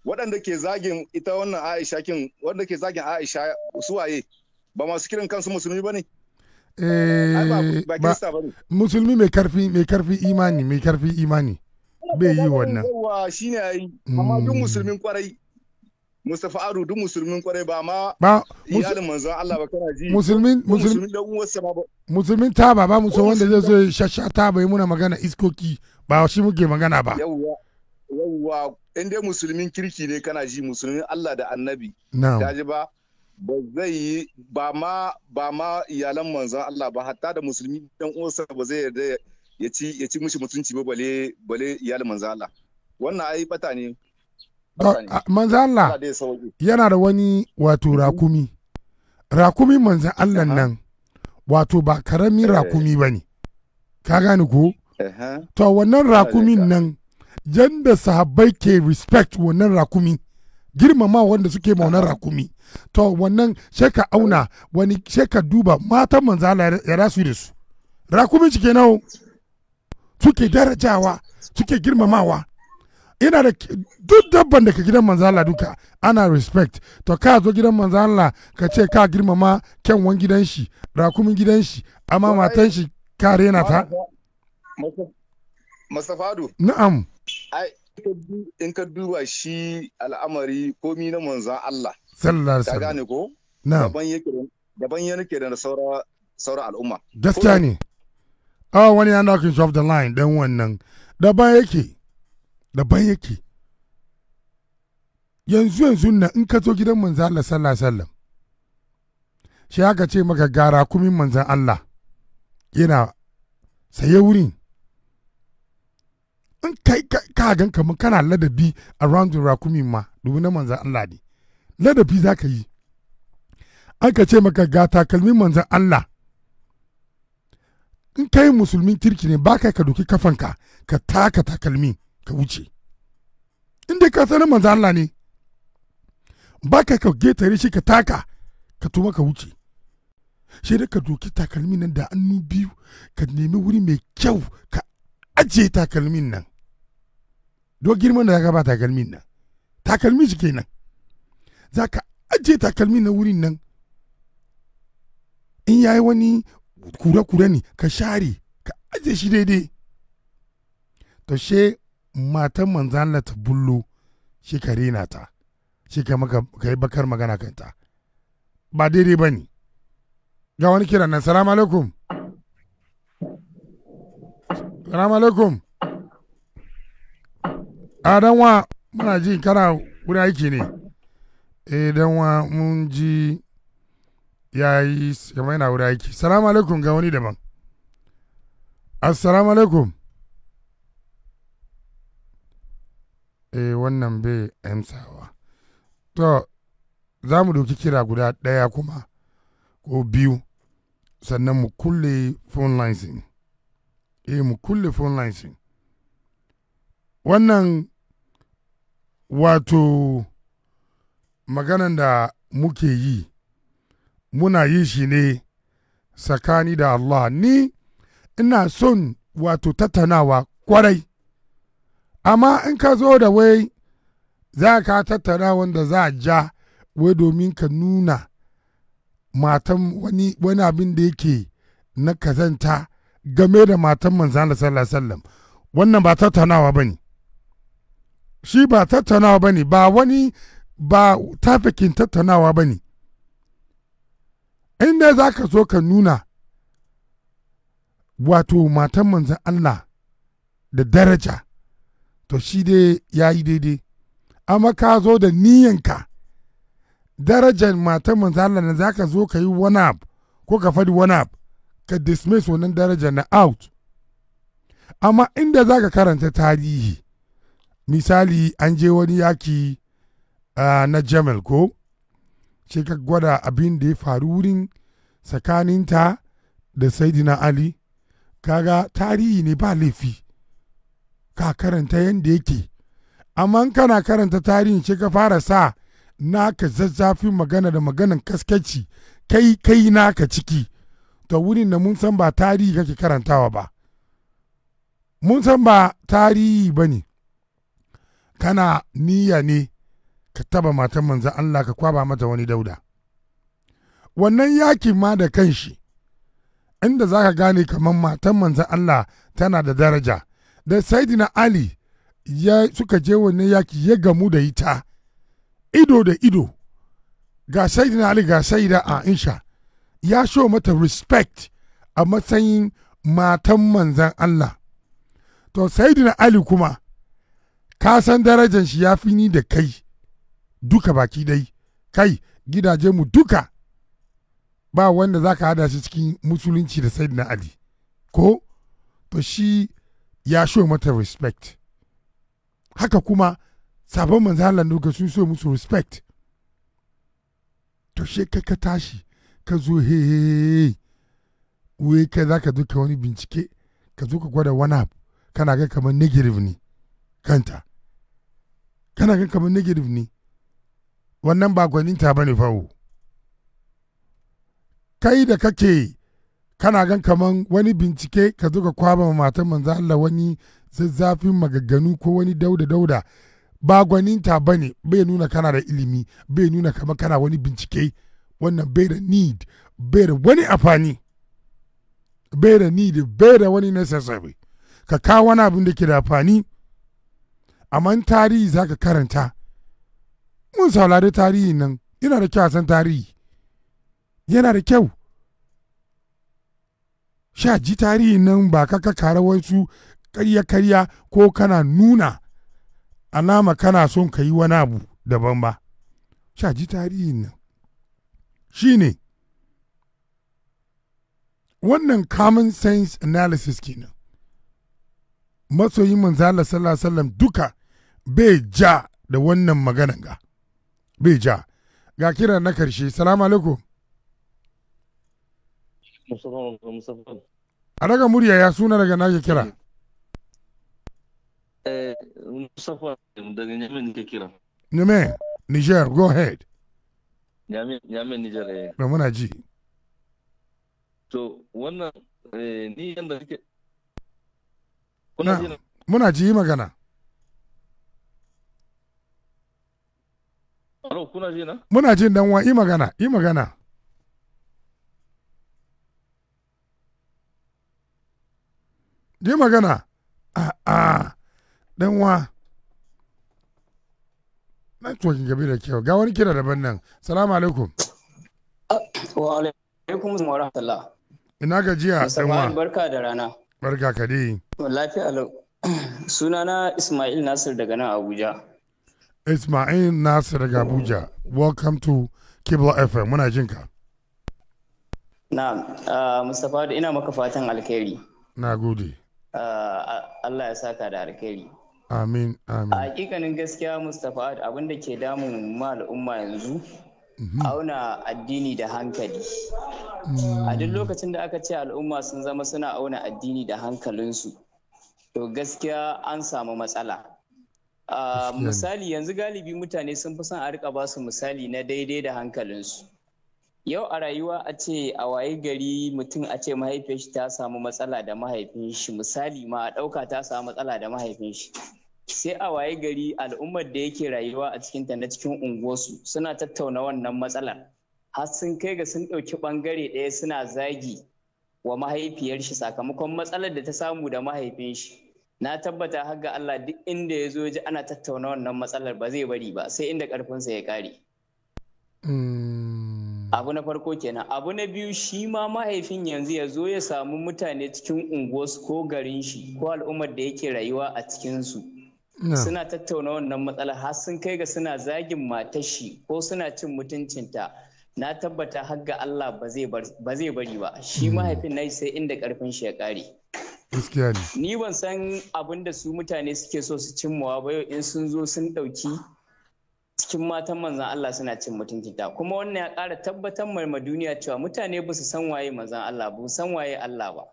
waɗanda ke zagin ita wannan Aisha kin wanda ke zagin Aisha su waye ba masu kiran kansu musulmi bane eh ba musulmi mai karfi mai karfi imani mai karfi imani bai yi wannan yawa shine ai amma duk hmm. musulmin kwarai Mustafa Aru duk musulmin kwarai ba ma ba iyalin manzon Allah ba kana ji musulmin musulmin da dan uwarsa ba musulmin ta ba mu so wanda zai zo ya shasha taba yi muna magana iskoki ba shi muke magana ba Yawwa yawwa in dai musulmin kirki ne kana ji musulmin Allah da annabi ta ji ba ba zai yi ba ma ba ma iyalan manzon Allah ba hatta da musulmi dan uwarsa ba zai yarda ya ci mushi mutunci ba bale bale iyalin manzala wannan ai bata ne ah, manzala yana da wani wato rakumi rakumi manzan Allah nan wato ba karamin eh. rakumi ne ka gane ko to wannan rakumin nan da sahabbai ke respect wannan rakumi girmama wanda suke ma wannan rakumi to wannan sheka auna wani sheka duba matan manzala ya rasu da su rakumi cike nawa. suke darajawa suke girmamawa ina da duk dabban da ka gidan manzala duka ana respect to ka zo gidan manzala ka ce ka girmama kyanwan gidan shi rakumin gidan shi amma matan shi ka rena ta Mustafadu na'am ai in ka duba shi al'amari komi na manza Allah sallallahu alaihi gane ko na'am daban yake da saura saura al'umma gaskiya ne a ah, wani ya knocking off the line ɗan wannan daban yake daban yake yanzu yanzu na in ka zo gidan manzan Allah sallallahu alaihi wasallam shi aka ce maka gara kumin manzan Allah yana saye wurin in kai ka gan kamar kana ladabi around the rakumi ma domin na manzan Allah ne ladabi za ka yi aka ce maka ga takalmin manzan Allah in ka yi musulmin kirki ne ba ka doki kafanka ka taka takalmi ka wuce in dai ka sanar manzan Allah ne ba ka ka getare shi ka taka ka tuma ka wuce shi da ka doki takalmin nan da hannu biyu ka nemi wuri mai kyau ka ajiye takalmin nan don girman da zaka ba takalmin nan takalmin shi kenan za ka ajiye takalmin na wurin nan in yayi wani kure-kure ne ka share ka ajiye shi daidai to she matan manzan Allah ta bullo shi ka rena ta shi ka maka kai bakar magana kanta ba daidai ba ne ga wani kiran nan salamu alaikum salamu alaikum a ah, danwa muna ji kana wuri aiki ne eh danwa mun ji ya yi kamar yana wuri aiki salamu alaikum ga wani daban assalamu alaikum e wannan bai amsawa to za mu doki kira guda ɗaya kuma ko biyu sannan mu kulle phone lines in E eh, mu kulle phone lines in wannan wato maganan da muke yi muna yi shi ne tsakani da Allah ni ina son wato tattanawa kwarai amma in ka zo da wai za ka tattara wanda za a ja wai domin ka nuna matan wani, abin da yake na kazanta game da matan manzana sallallahu sallam wannan ba tattanawa ba ne shi ba tattanawa ba ne ba wani ba tafikin tattanawa ba ne inda za ka zo ka nuna wato matan manzan Allah da daraja to shi dai ya yi daidai amma ka zo da niyanka darajar matan manzan Allah na za ka zo ka yi wani abu ko ka faɗi wani abu ka dismiss wannan darajar na out amma inda za ka karanta tarihi misali an je wani yaki ah, na jamal ko sai ka gwada abin da ya faru wurin tsakaninta da saidina ali kaga tarihi ne ba laifi ka karanta yadda yake amma kana karanta tarihin sai ka fara sa naka zazzafin magana da maganan kaskaci kai kai naka ciki ta wurin da mun san ba tarihi kake karantawa ba mun san ba tarihi ba ne kana niyya ne ka taba matan manzan Allah ka kwaba mata wani dauda wannan yakin ma da kanshi inda za ka gane kamar matan manzan Allah tana da daraja da saidina Ali ya suka je wannan yaki ya gamu da ita ido da ido ga saidina Ali ga saida insha ya sho mata respect a matsayin matan manzan Allah to saidina Ali kuma ka san darajar shi ya fi ni da kai duka baki dai kai gidaje mu duka ba wanda za ka hada shi cikin musulunci da na ali ko to shi ya show mata respect haka kuma sabon manzo Allah duka sun so musu respect to she ka tashi ka zo he wai ka za ka duka wani bincike ka zo ka gwada wani abu kana ga kamar negative ne kanta kana ga kamar negative ne wannan ba gwaninta ba ne fawo kai da kake kana gan kaman wani bincike ka zo ka kwaba matan manzo Allah wani zazzafin magagganu ko wani dauda dauda ba gwaninta ba ne bai nuna kana da ilimi bai nuna kama kana wani bincike wannan bai da need bai da wani afani bai da need bai da wani necessary ka kawo wani abin da ke da amfani amma tarihi za ka karanta mun saurari tarihi nan yana da kyau a san tarihi yana da kyau sha ji tarihi nan ba ka ka kare wasu karya-karya ko kana nuna alama kana son ka yi wani abu daban ba sha ji tarihi nan shi ne wannan common sense analysis kenan masoyin manzala sallallahu alaihi wasallam duka bai ja da wannan maganan ga bai ga kira na karshe salamu alaikum a daga murya ya suna daga nake kira eh, Mustapha daga Yemen ke kira. Yemen, Niger, go ahead. Yemen, Niger eh. Da muna ji. To, wannan eh, ni yanda kike. Muna ji magana. Alo, kuna ji na? Muna jin dan wa, yi magana, yi magana. Yi magana. A a dan wa. Na tuwakin gabi da kyau, ga wani kira daban nan. Salamu alaikum. Wa alaikum wa rahmatullah. Ina gajiya dan wa. Barka da rana. Barka ka dai. Lafiya lau. (clears throat) Sunana Ismail Nasir daga nan Abuja. Ismail Nasir gabuja Welcome to Kibla FM. Muna jin ka. Na'am, mustapha Mustapha ina maka fatan alkhairi. Na gode. Ah, Allah ya saka da alkhairi. Amin, amin. A ah, hakikanin gaskiya Mustapha abin da ke damun ma al'umma yanzu mhm. auna addini da hankali. Mm. A duk lokacin da aka ce al'umma sun zama suna auna addini da hankalinsu, to gaskiya an samu matsala. Ah, misali yanzu galibi mutane sun fi son a rika ba su misali na daidai da hankalinsu yau a rayuwa a ce a waye gari mutum a ce mahaifin shi ta samu matsala da mahaifin shi misali ma a ɗauka ta samu matsala da mahaifin shi sai a waye gari al'ummar da yake rayuwa a cikinta na cikin unguwarsu suna tattauna wannan matsalar har sun kai ga sun ɗauki ɓangare ɗaya suna zagi wa mahaifiyar shi sakamakon matsalar da ta samu da mahaifin shi na tabbata har ga Allah duk inda ya zo ji ana tattauna wannan matsalar ba zai bari ba sai inda karfinsa ya kare. Hmm. Abu na farko kenan. Abu na biyu shi ma mahaifin yanzu ya zo ya samu mutane cikin unguwarsu ko garin shi ko al'ummar da yake rayuwa a cikinsu. Suna tattauna wannan matsalar har sun kai ga suna zagin matar shi ko suna cin mutuncinta. Na tabbata har ga Allah ba zai bari ba. Shi hmm. mahaifin na sai inda karfin shi ya kare. ni ban san abin da su mutane suke so su cimmawa ba yau in sun zo sun ɗauki cikin matan manzan Allah suna cin mutunci ta kuma wannan ya kara tabbatar ma duniya cewa mutane ba su san waye manzan Allah ba san waye Allah ba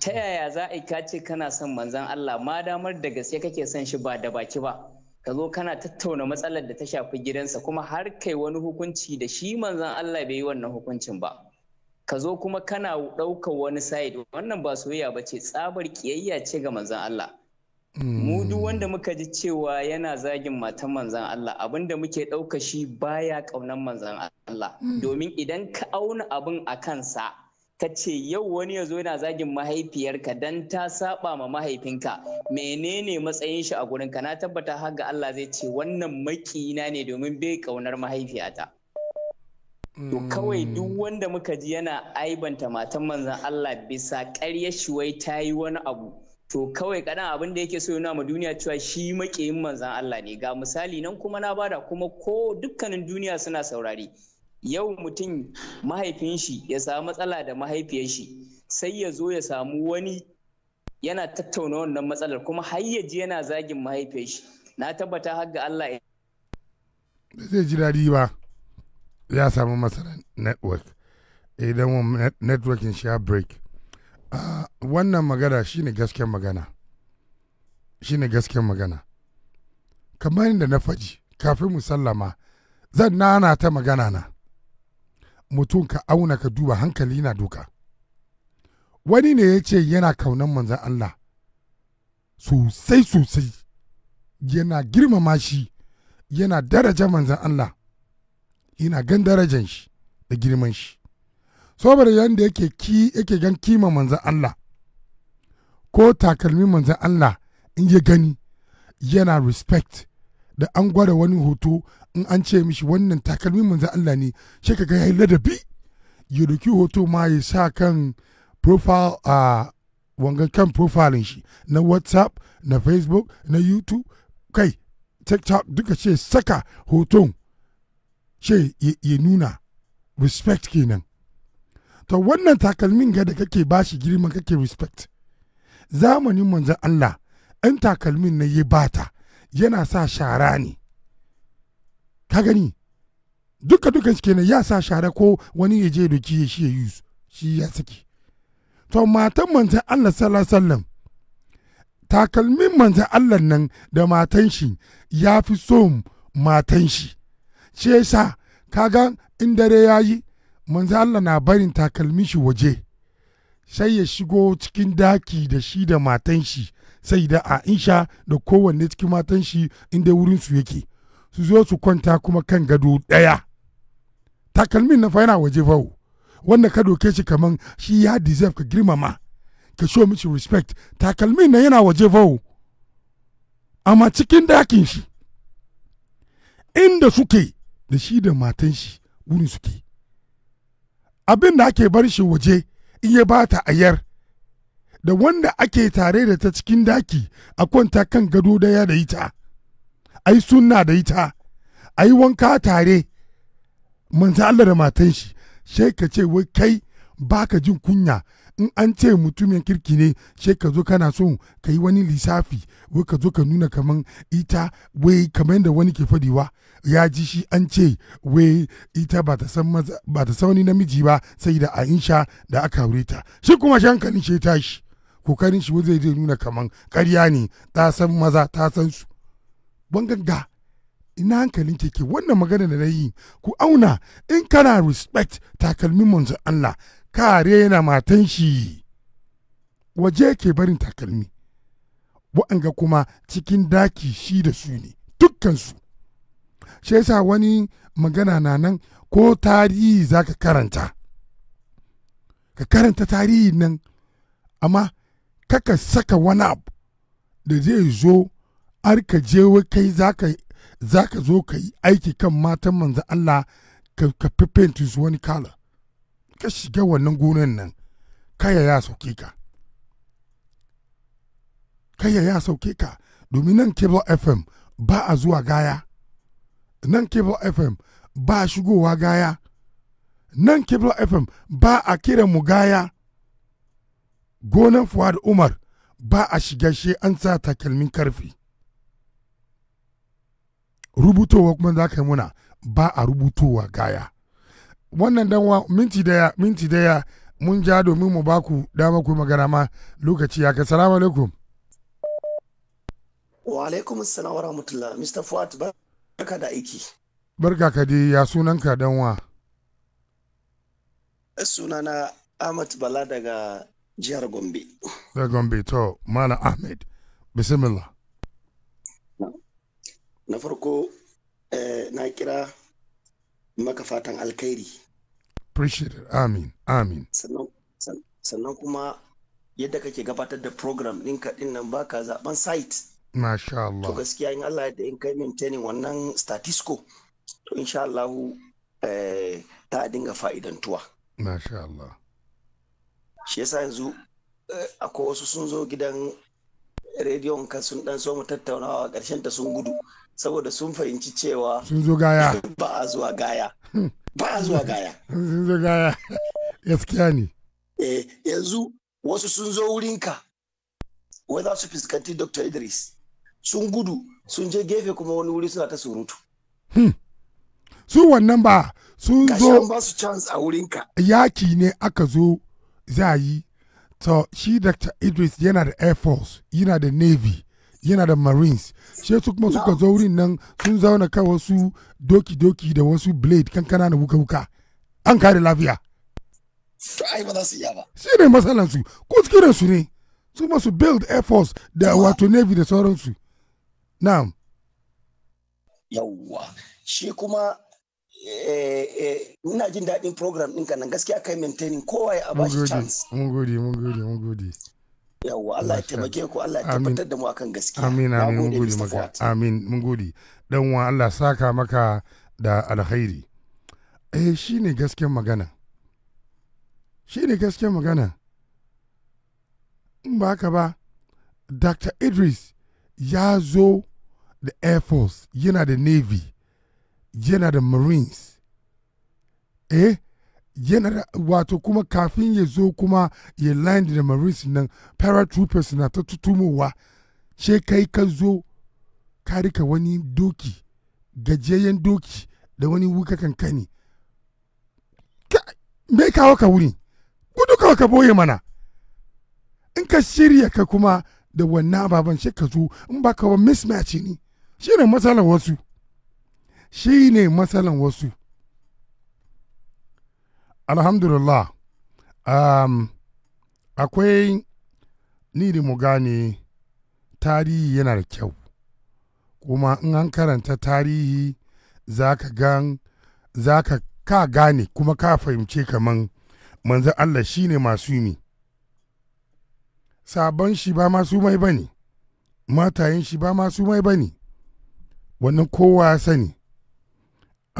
ta yaya za a yi kace kana son manzan Allah ma damar da gaske kake son shi ba da baki ba ka zo kana tattauna matsalar da ta shafi gidansa kuma har kai wani hukunci da shi manzan Allah bai yi wannan hukuncin ba ka zo kuma kana ɗaukar wani side wannan ba soyayya ba ce tsabar kiyayya ce ga manzan Allah Mudu hmm. wanda muka ji cewa yana zagin matan manzan Allah abinda muke ɗauka shi baya ƙaunar manzan Allah hmm. domin idan ka auna abin a kansa ka ce yau wani ya zo yana zagin mahaifiyarka don ta saba ma mahaifinka menene matsayin shi a gurinka na tabbata har ga Allah zai ce wannan makina ne domin bai ƙaunar mahaifiyata To kawai duk hmm. wanda muka ji yana aibanta matan manzan Allah bisa ƙarya shi wai ta yi wani abu. To kawai kaɗan abin da yake so yana ma duniya cewa shi maƙiyin manzan Allah ne. Ga misali nan kuma na bada kuma ko dukkanin duniya suna saurari. Yau mutum mahaifin shi ya samu matsala da mahaifiyar shi sai ya zo ya samu wani yana tattauna wannan matsalar kuma har ya ji yana zagin mahaifiyar shi. Na tabbata har ga Allah. Ba zai ji daɗi ba. ya samu masana network idan networking sha break ah, wannan magana shine gasken magana shine gasken magana kamar da na faji kafin mu sallama zan nana ta magana na mutum ka auna ka duba hankali na duka wani ne ya ce yana kaunan manzan Allah sosai sosai yana girmama shi yana daraja manzan Allah yana gan darajan shi da girman shi saboda yadda yake ki yake gan kima manzan Allah ko takalmin manzan Allah in ya gani yana respect da an gwada wani hoto in an ce mishi wannan takalmin manzan Allah ne shi ka ga ya yi ladabi ya doki hoto ma ya sa kan profile a wangan kan profilin shi na whatsapp na facebook na youtube kai tiktok duka ce saka hoton she ya nuna respect kenan to wannan takalmin ga da kake ba shi girma kake respect zamanin manzon Allah ɗan takalmin na ya bata yana sa shara ne ka gani duka dukan shi kenan ya sa shara ko wani ya je doki ya shi ya yi shi ya saki to matan manzon Allah sallallahu takalmin manzon Allah nan da matan shi ya fi son matan shi sa yasa kaga in dare ya yi manzo Allah na barin takalmin shi waje sai ya shigo cikin daki da shi da matan shi sai da a Aisha da kowanne cikin matan shi inda wurin su yake su zo su kwanta kuma kan gado ɗaya takalmin na fa yana waje fa wanda ka doke shi kaman shi ya deserve ka girmama ka show mishi respect takalmin na yana waje fa amma cikin dakin shi inda suke da shi da matan shi wurin suke abin da ake bar shi waje in ya bata ayar da wanda ake tare da ta cikin daki a kwanta kan gado daya da ita ai yi sunna da ita a wanka tare manzo Allah da matan shi sai ka ce wai kai baka jin kunya in an ce mutumin kirki ne sai ka zo kana so ka yi wani lissafi wai ka zo ka nuna kaman ita wai kamar yadda wani ke fadiwa ya ji shi an ce wai ita ba ta san wani namiji ba sai da aisha da aka haure ta shi kuma hankalin shi tashi kokarin shi zai zai nuna kaman karya ne ta san maza ta san su ban ganga ina hankalin keke wannan magana da na yi ku auna in kana respect takalmin manzon Allah kare rena matan shi waje ke barin takalmi wa'anga kuma cikin daki shi da su ne dukkansu shi yasa wani magana na nan ko tarihi za ka karanta ka karanta tarihi nan amma kaka saka wani abu da zai zo har ka je kai za ka zo ka yi aiki kan matan manzan Allah ka fi su wani kala ka shiga wannan gonan nan kaya ya sauke ka kaya ya sauke ka domin nan cable fm ba a zuwa gaya nan cable fm ba shigowa gaya nan cable fm ba a kira mu gaya gonan fuad umar ba a shiga shi an sa takalmin karfi rubutowa kuma za ka yi muna ba a rubutowa gaya wannan danwa minti daya minti daya mun ja domin mu baku dama ku magana ma lokaci ya ka salamu alaikum wa alaikum assalam wa rahmatullah mr fuad ba barka da aiki barka ka di ya sunanka danwa sunana ahmad bala daga jihar gombe jihar gombe to mana ahmed bismillah na farko eh, na kira maka fatan alkhairi appreciate it amin amin sannan kuma yadda kake gabatar da program ɗinka ɗin nan baka zaben site Masha Allah. To gaskiya in Allah da in kai maintaining wannan statistico to insha Allah eh, ta dinga fa'idantuwa. Masha Allah. Shi yasa yanzu eh, akwai wasu sun zo gidan rediyon ka sun dan so mu tattaunawa karshen ta sun gudu saboda sun fahimci cewa sun zo gaya (laughs) ba a zuwa gaya ba a zuwa gaya (laughs) sun zo gaya gaskiya ne eh yanzu wasu sun zo wurinka wai za su fuskanci Dr. Idris sun gudu sun je gefe kuma wani wuri suna ta surutu hmm. su wannan ba sun zo ba su chance a ka. yaki ne aka zo za yi to shi dr idris yana da air force yana da navy yana da marines she su kuma suka zo wurin nan sun zauna kan wasu doki-doki da wasu blade kankana da wuka-wuka an kare lafiya to ai ba za su iya ba shi ne matsalansu ko su ne su masu build air force da wato navy da sauransu Na'am. Yawwa, shi kuma eh, eh, ina jin daɗin program ɗinka nan gaskiya kai maintaining kowa ya bashi chance. Mun gode, mun gode, Yawwa, Allah ya taimake ku, Allah ya tabbatar da mu akan gaskiya. Amin, amin, mun gode maka. Amin, mun gode. Dan wa Allah saka maka da alkhairi. Eh, ne gasken magana. shi ne gasken magana. In ba ka ba, Dr. Idris ya zo da air force yana da navy yana da marines eh yana da wato kuma kafin ya zo kuma ya land da marines nan paratroopers na ta tutumowa ce kai ka zo ka rika wani doki gajiyayyen doki da wani wuka kankani me kawo ka wuri gudu kawo ka boye mana in ka shirya ka kuma da wannan ababen shi ka zo in ba ka ba mismatch ne shi ne matsalan wasu shi ne matsalan wasu alhamdulillah um, akwai ni da mu gane tarihi yana da kyau kuma in an karanta tarihi za ka gan za ka ka gane kuma ka fahimce kaman manzan Allah shi ne masu yi sabon shi ba ma su mai ba ne matayen shi ba ma su mai ba ne wannan kowa ya sani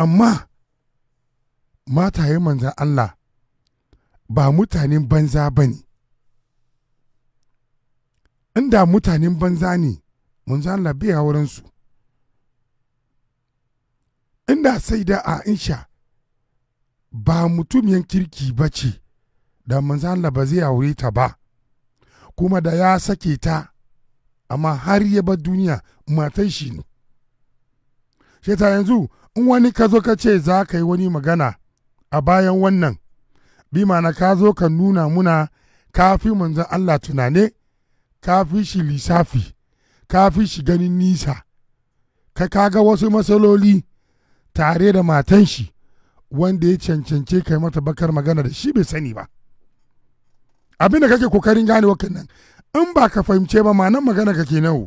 amma matayen manzan Allah ba mutanen banza ba ne inda mutanen banza ne manzan Allah bai wurinsu inda sai da a insha ba mutumin kirki ba ce da manzan Allah ba zai aure ta ba kuma da ya sake ta amma har ya ba duniya matan shi ne ta yanzu in wani ka zo ka ce za ka yi wani magana a bayan wannan bi mana ka zo ka nuna muna kafi manzan Allah tunane kafi shi lissafi kafi shi ganin nisa ka kaga wasu matsaloli tare da matan shi wanda ya cancance kai mata bakar magana da shi bai sani ba abin da kake kokarin wakan nan in ba ka fahimce ba ma nan magana ke nawo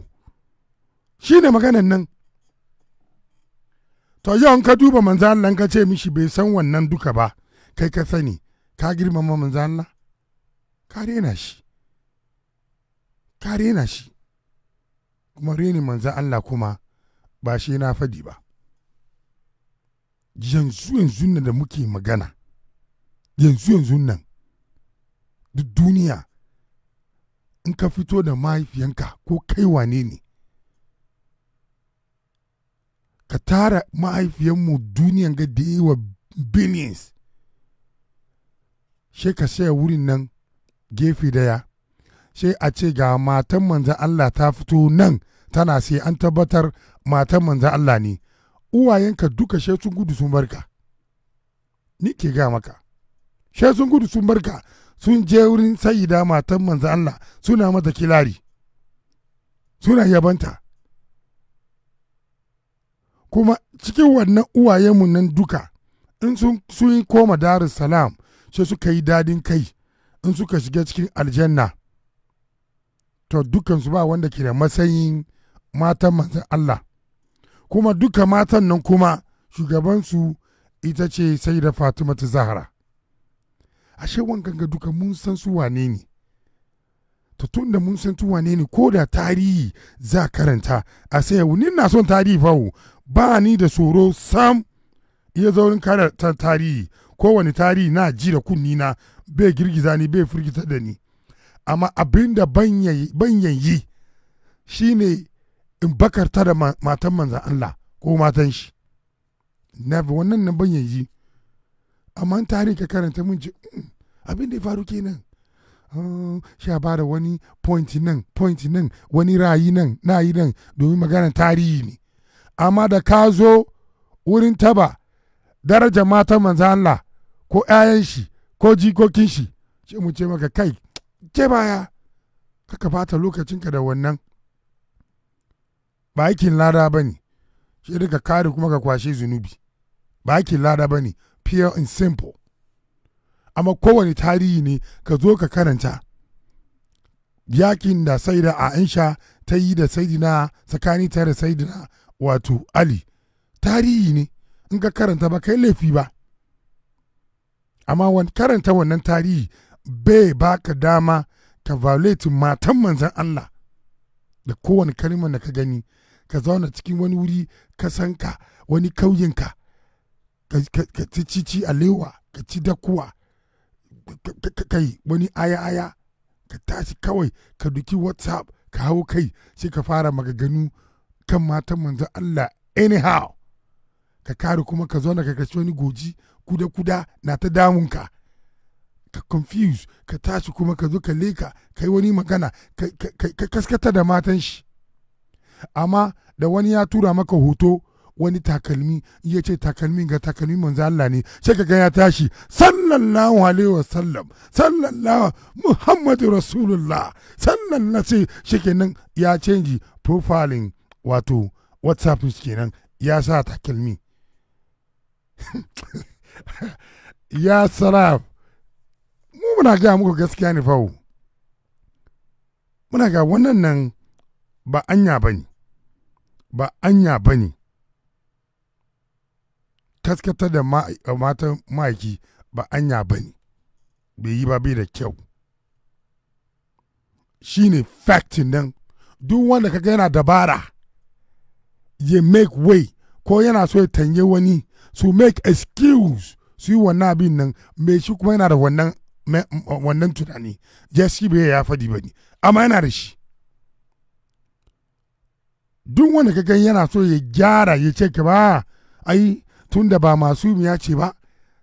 shi ne maganan nan to yau ka duba manzan Allah ka ce mishi bai san wannan duka ba kai ka sani ka girmama manzan Allah ka rena shi ka rena shi kuma reni manzan Allah kuma ba shi na fadi ba yanzu yanzu nan da muke magana yanzu yanzu nan duk duniya in ka fito da mahaifiyanka ko kai wane ne ka tara mahaifiyanmu duniyan ga da yi wa billions sai ka saya wurin nan gefe daya sai a ce ga matan manzan Allah ta fito nan tana sai an tabbatar matan manzan Allah ne uwayenka duka sai sun gudu sun barka ni ke ga maka sai gudu sun barka sun je wurin sayida matan manzo Allah suna mata kilari suna yabanta kuma cikin wannan mu nan duka in sun yi koma darus salam sai suka yi dadin kai in suka shiga cikin aljanna to dukansu ba wanda ke da matsayin matan manzan Allah kuma duka matan nan kuma shugabansu ita ce sai da Fatima ta Zahara ashe wankan ga duka mun san su wane ne to tun da mun san su wane ne ko da tarihi za karanta a sai wuni na son tarihi fawo ba ni da tsoro sam iya zaurin karanta tarihi kowane tarihi na ji da kunni na bai girgiza ni bai firgita da ni amma abin da banyan yi shine in bakarta da matan manzan Allah ko matan shi na wannan na banyan yi amma tare ka karanta mun ji mm, abin da ya faru kenan ah, sha ba da wani point nan point nan wani rayi nan na yi nan domin magana tarihi ne amma da ka zo wurin taba darajar mata manzo Allah ko 'ya'yan shi ko jikokin shi ce mu ce maka kai ke baya kaka lokacin ka da wannan ba aikin lada ba ne shi ka kare kuma ka kwashe zunubi ba aikin lada ba ne pure and simple amma kowane tarihi ne ka zo ka karanta yakin da saida da aisha ta yi da saidina tsakani ta da saidina wato ali tarihi ne in ka karanta ba kai laifi ba amma wan karanta wannan tarihi bai baka dama ka violate matan manzan Allah da kowane kalmar da ka gani ka zauna cikin wani wuri ka san ka wani kauyenka ka ci cici alewa ka ci dakuwa kai wani aya aya ka tashi kawai ka duki whatsapp ka hau kai sai ka fara magaganu kan matan manzon Allah anyhow ka kare kuma ka zauna ka kashe wani goji kuda kuda na ta damunka ka confuse ka tashi kuma ka zo ka leka ka wani magana ka kaskata da matan shi amma da wani ya tura maka hoto wani takalmi iya ce takalmin ga takalmi manzo Allah ne sai ka ya tashi sallallahu alaihi wasallam sallallahu muhammadu rasulullah sallallahu sai shikenan ya canji profiling wato whatsapp kenan ya sa takalmi (laughs) ya tsara mu muna gaya muku gaskiya ne fawo muna ga wannan nan ba anya ba ne ba anya ba ne kaskatar da eh, matan ma'aiki ba anya ba ne bai yi ba bai da kyau shi ne factin nan duk wanda kaga yana dabara ya make way ko yana so ya tanye wani su make excuse su yi wannan abin nan mai shi kuma yana da wannan tunani jesse bai ya faɗi ba ne amma yana da shi duk wanda kaga yana so ya gyara ya ce ka ba ai tunda ba masu ya ce ba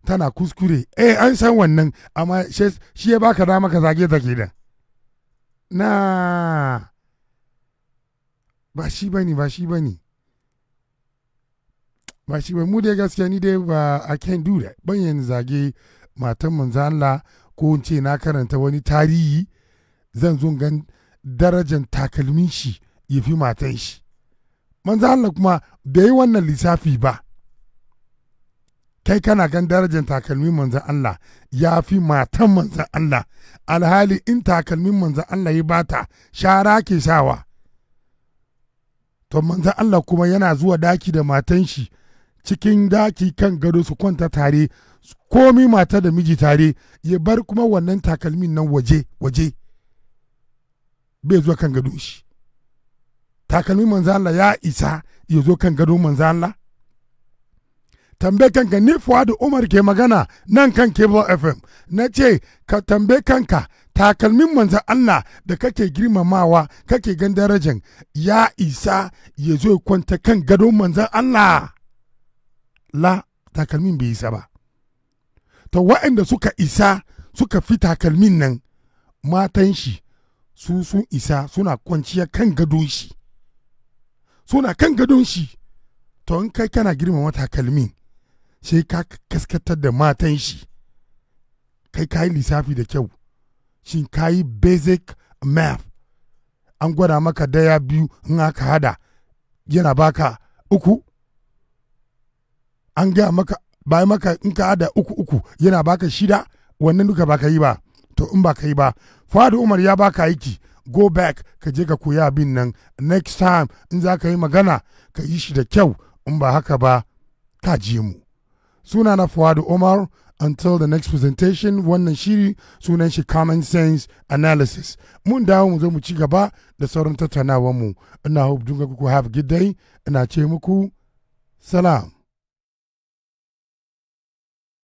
tana kuskure eh an san wannan amma shi ya baka dama ka zage ta da na ba shi bane ba shi ne ba shi ba mu dai gaskiya ni dai ba a can do that ban yin zage matan manzo Allah ko in ce na karanta wani tarihi zan zo gan darajan takalmin shi ya fi matan shi manzo Allah kuma da yi wannan lissafi ba kai kana gan darajar takalmin manzan Allah ya fi matan manzan Allah alhali in takalmin manzan Allah ya bata shara ke sawa to manzan Allah kuma yana zuwa daki da matan shi cikin daki kan gado su kwanta tare komi mata da miji tare ya bar kuma wannan takalmin nan waje waje bai zuwa kan gado shi takalmin manzan Allah ya isa ya zo kan gado manzan Allah tambe kanka ni da umar ke magana nan kan cable fm na ce ka tambayi kanka takalmin manzan allah da kake girmamawa kake gan darajan ya isa ya zo kwanta kan gadon manzan allah la takalmin bai isa ba ta wa'anda suka isa suka fi takalmin nan matan shi su sun isa suna kwanciya kan gadon shi suna kan gado shi to in kai kana girmama takalmin sai ka kaskatar da matan shi kai ka yi lissafi da kyau shin ka yi basic math an gwada maka daya biyu in aka hada yana baka uku an gaya maka bai maka in ka hada uku uku yana baka shida wannan duka ba ka yi ba to in ba ka yi ba fadu umar ya baka aiki go back ka je ka koya abin nan next time in za ka yi magana ka yi shi da kyau in ba haka ba ka ji mu sunana Fuadu Omar until the next presentation wannan shiri sunan shi common sense analysis mun dawo mu zo mu ci gaba da sauran tattaunawar mu ina hope dunga kuku have a good day ina ce muku salam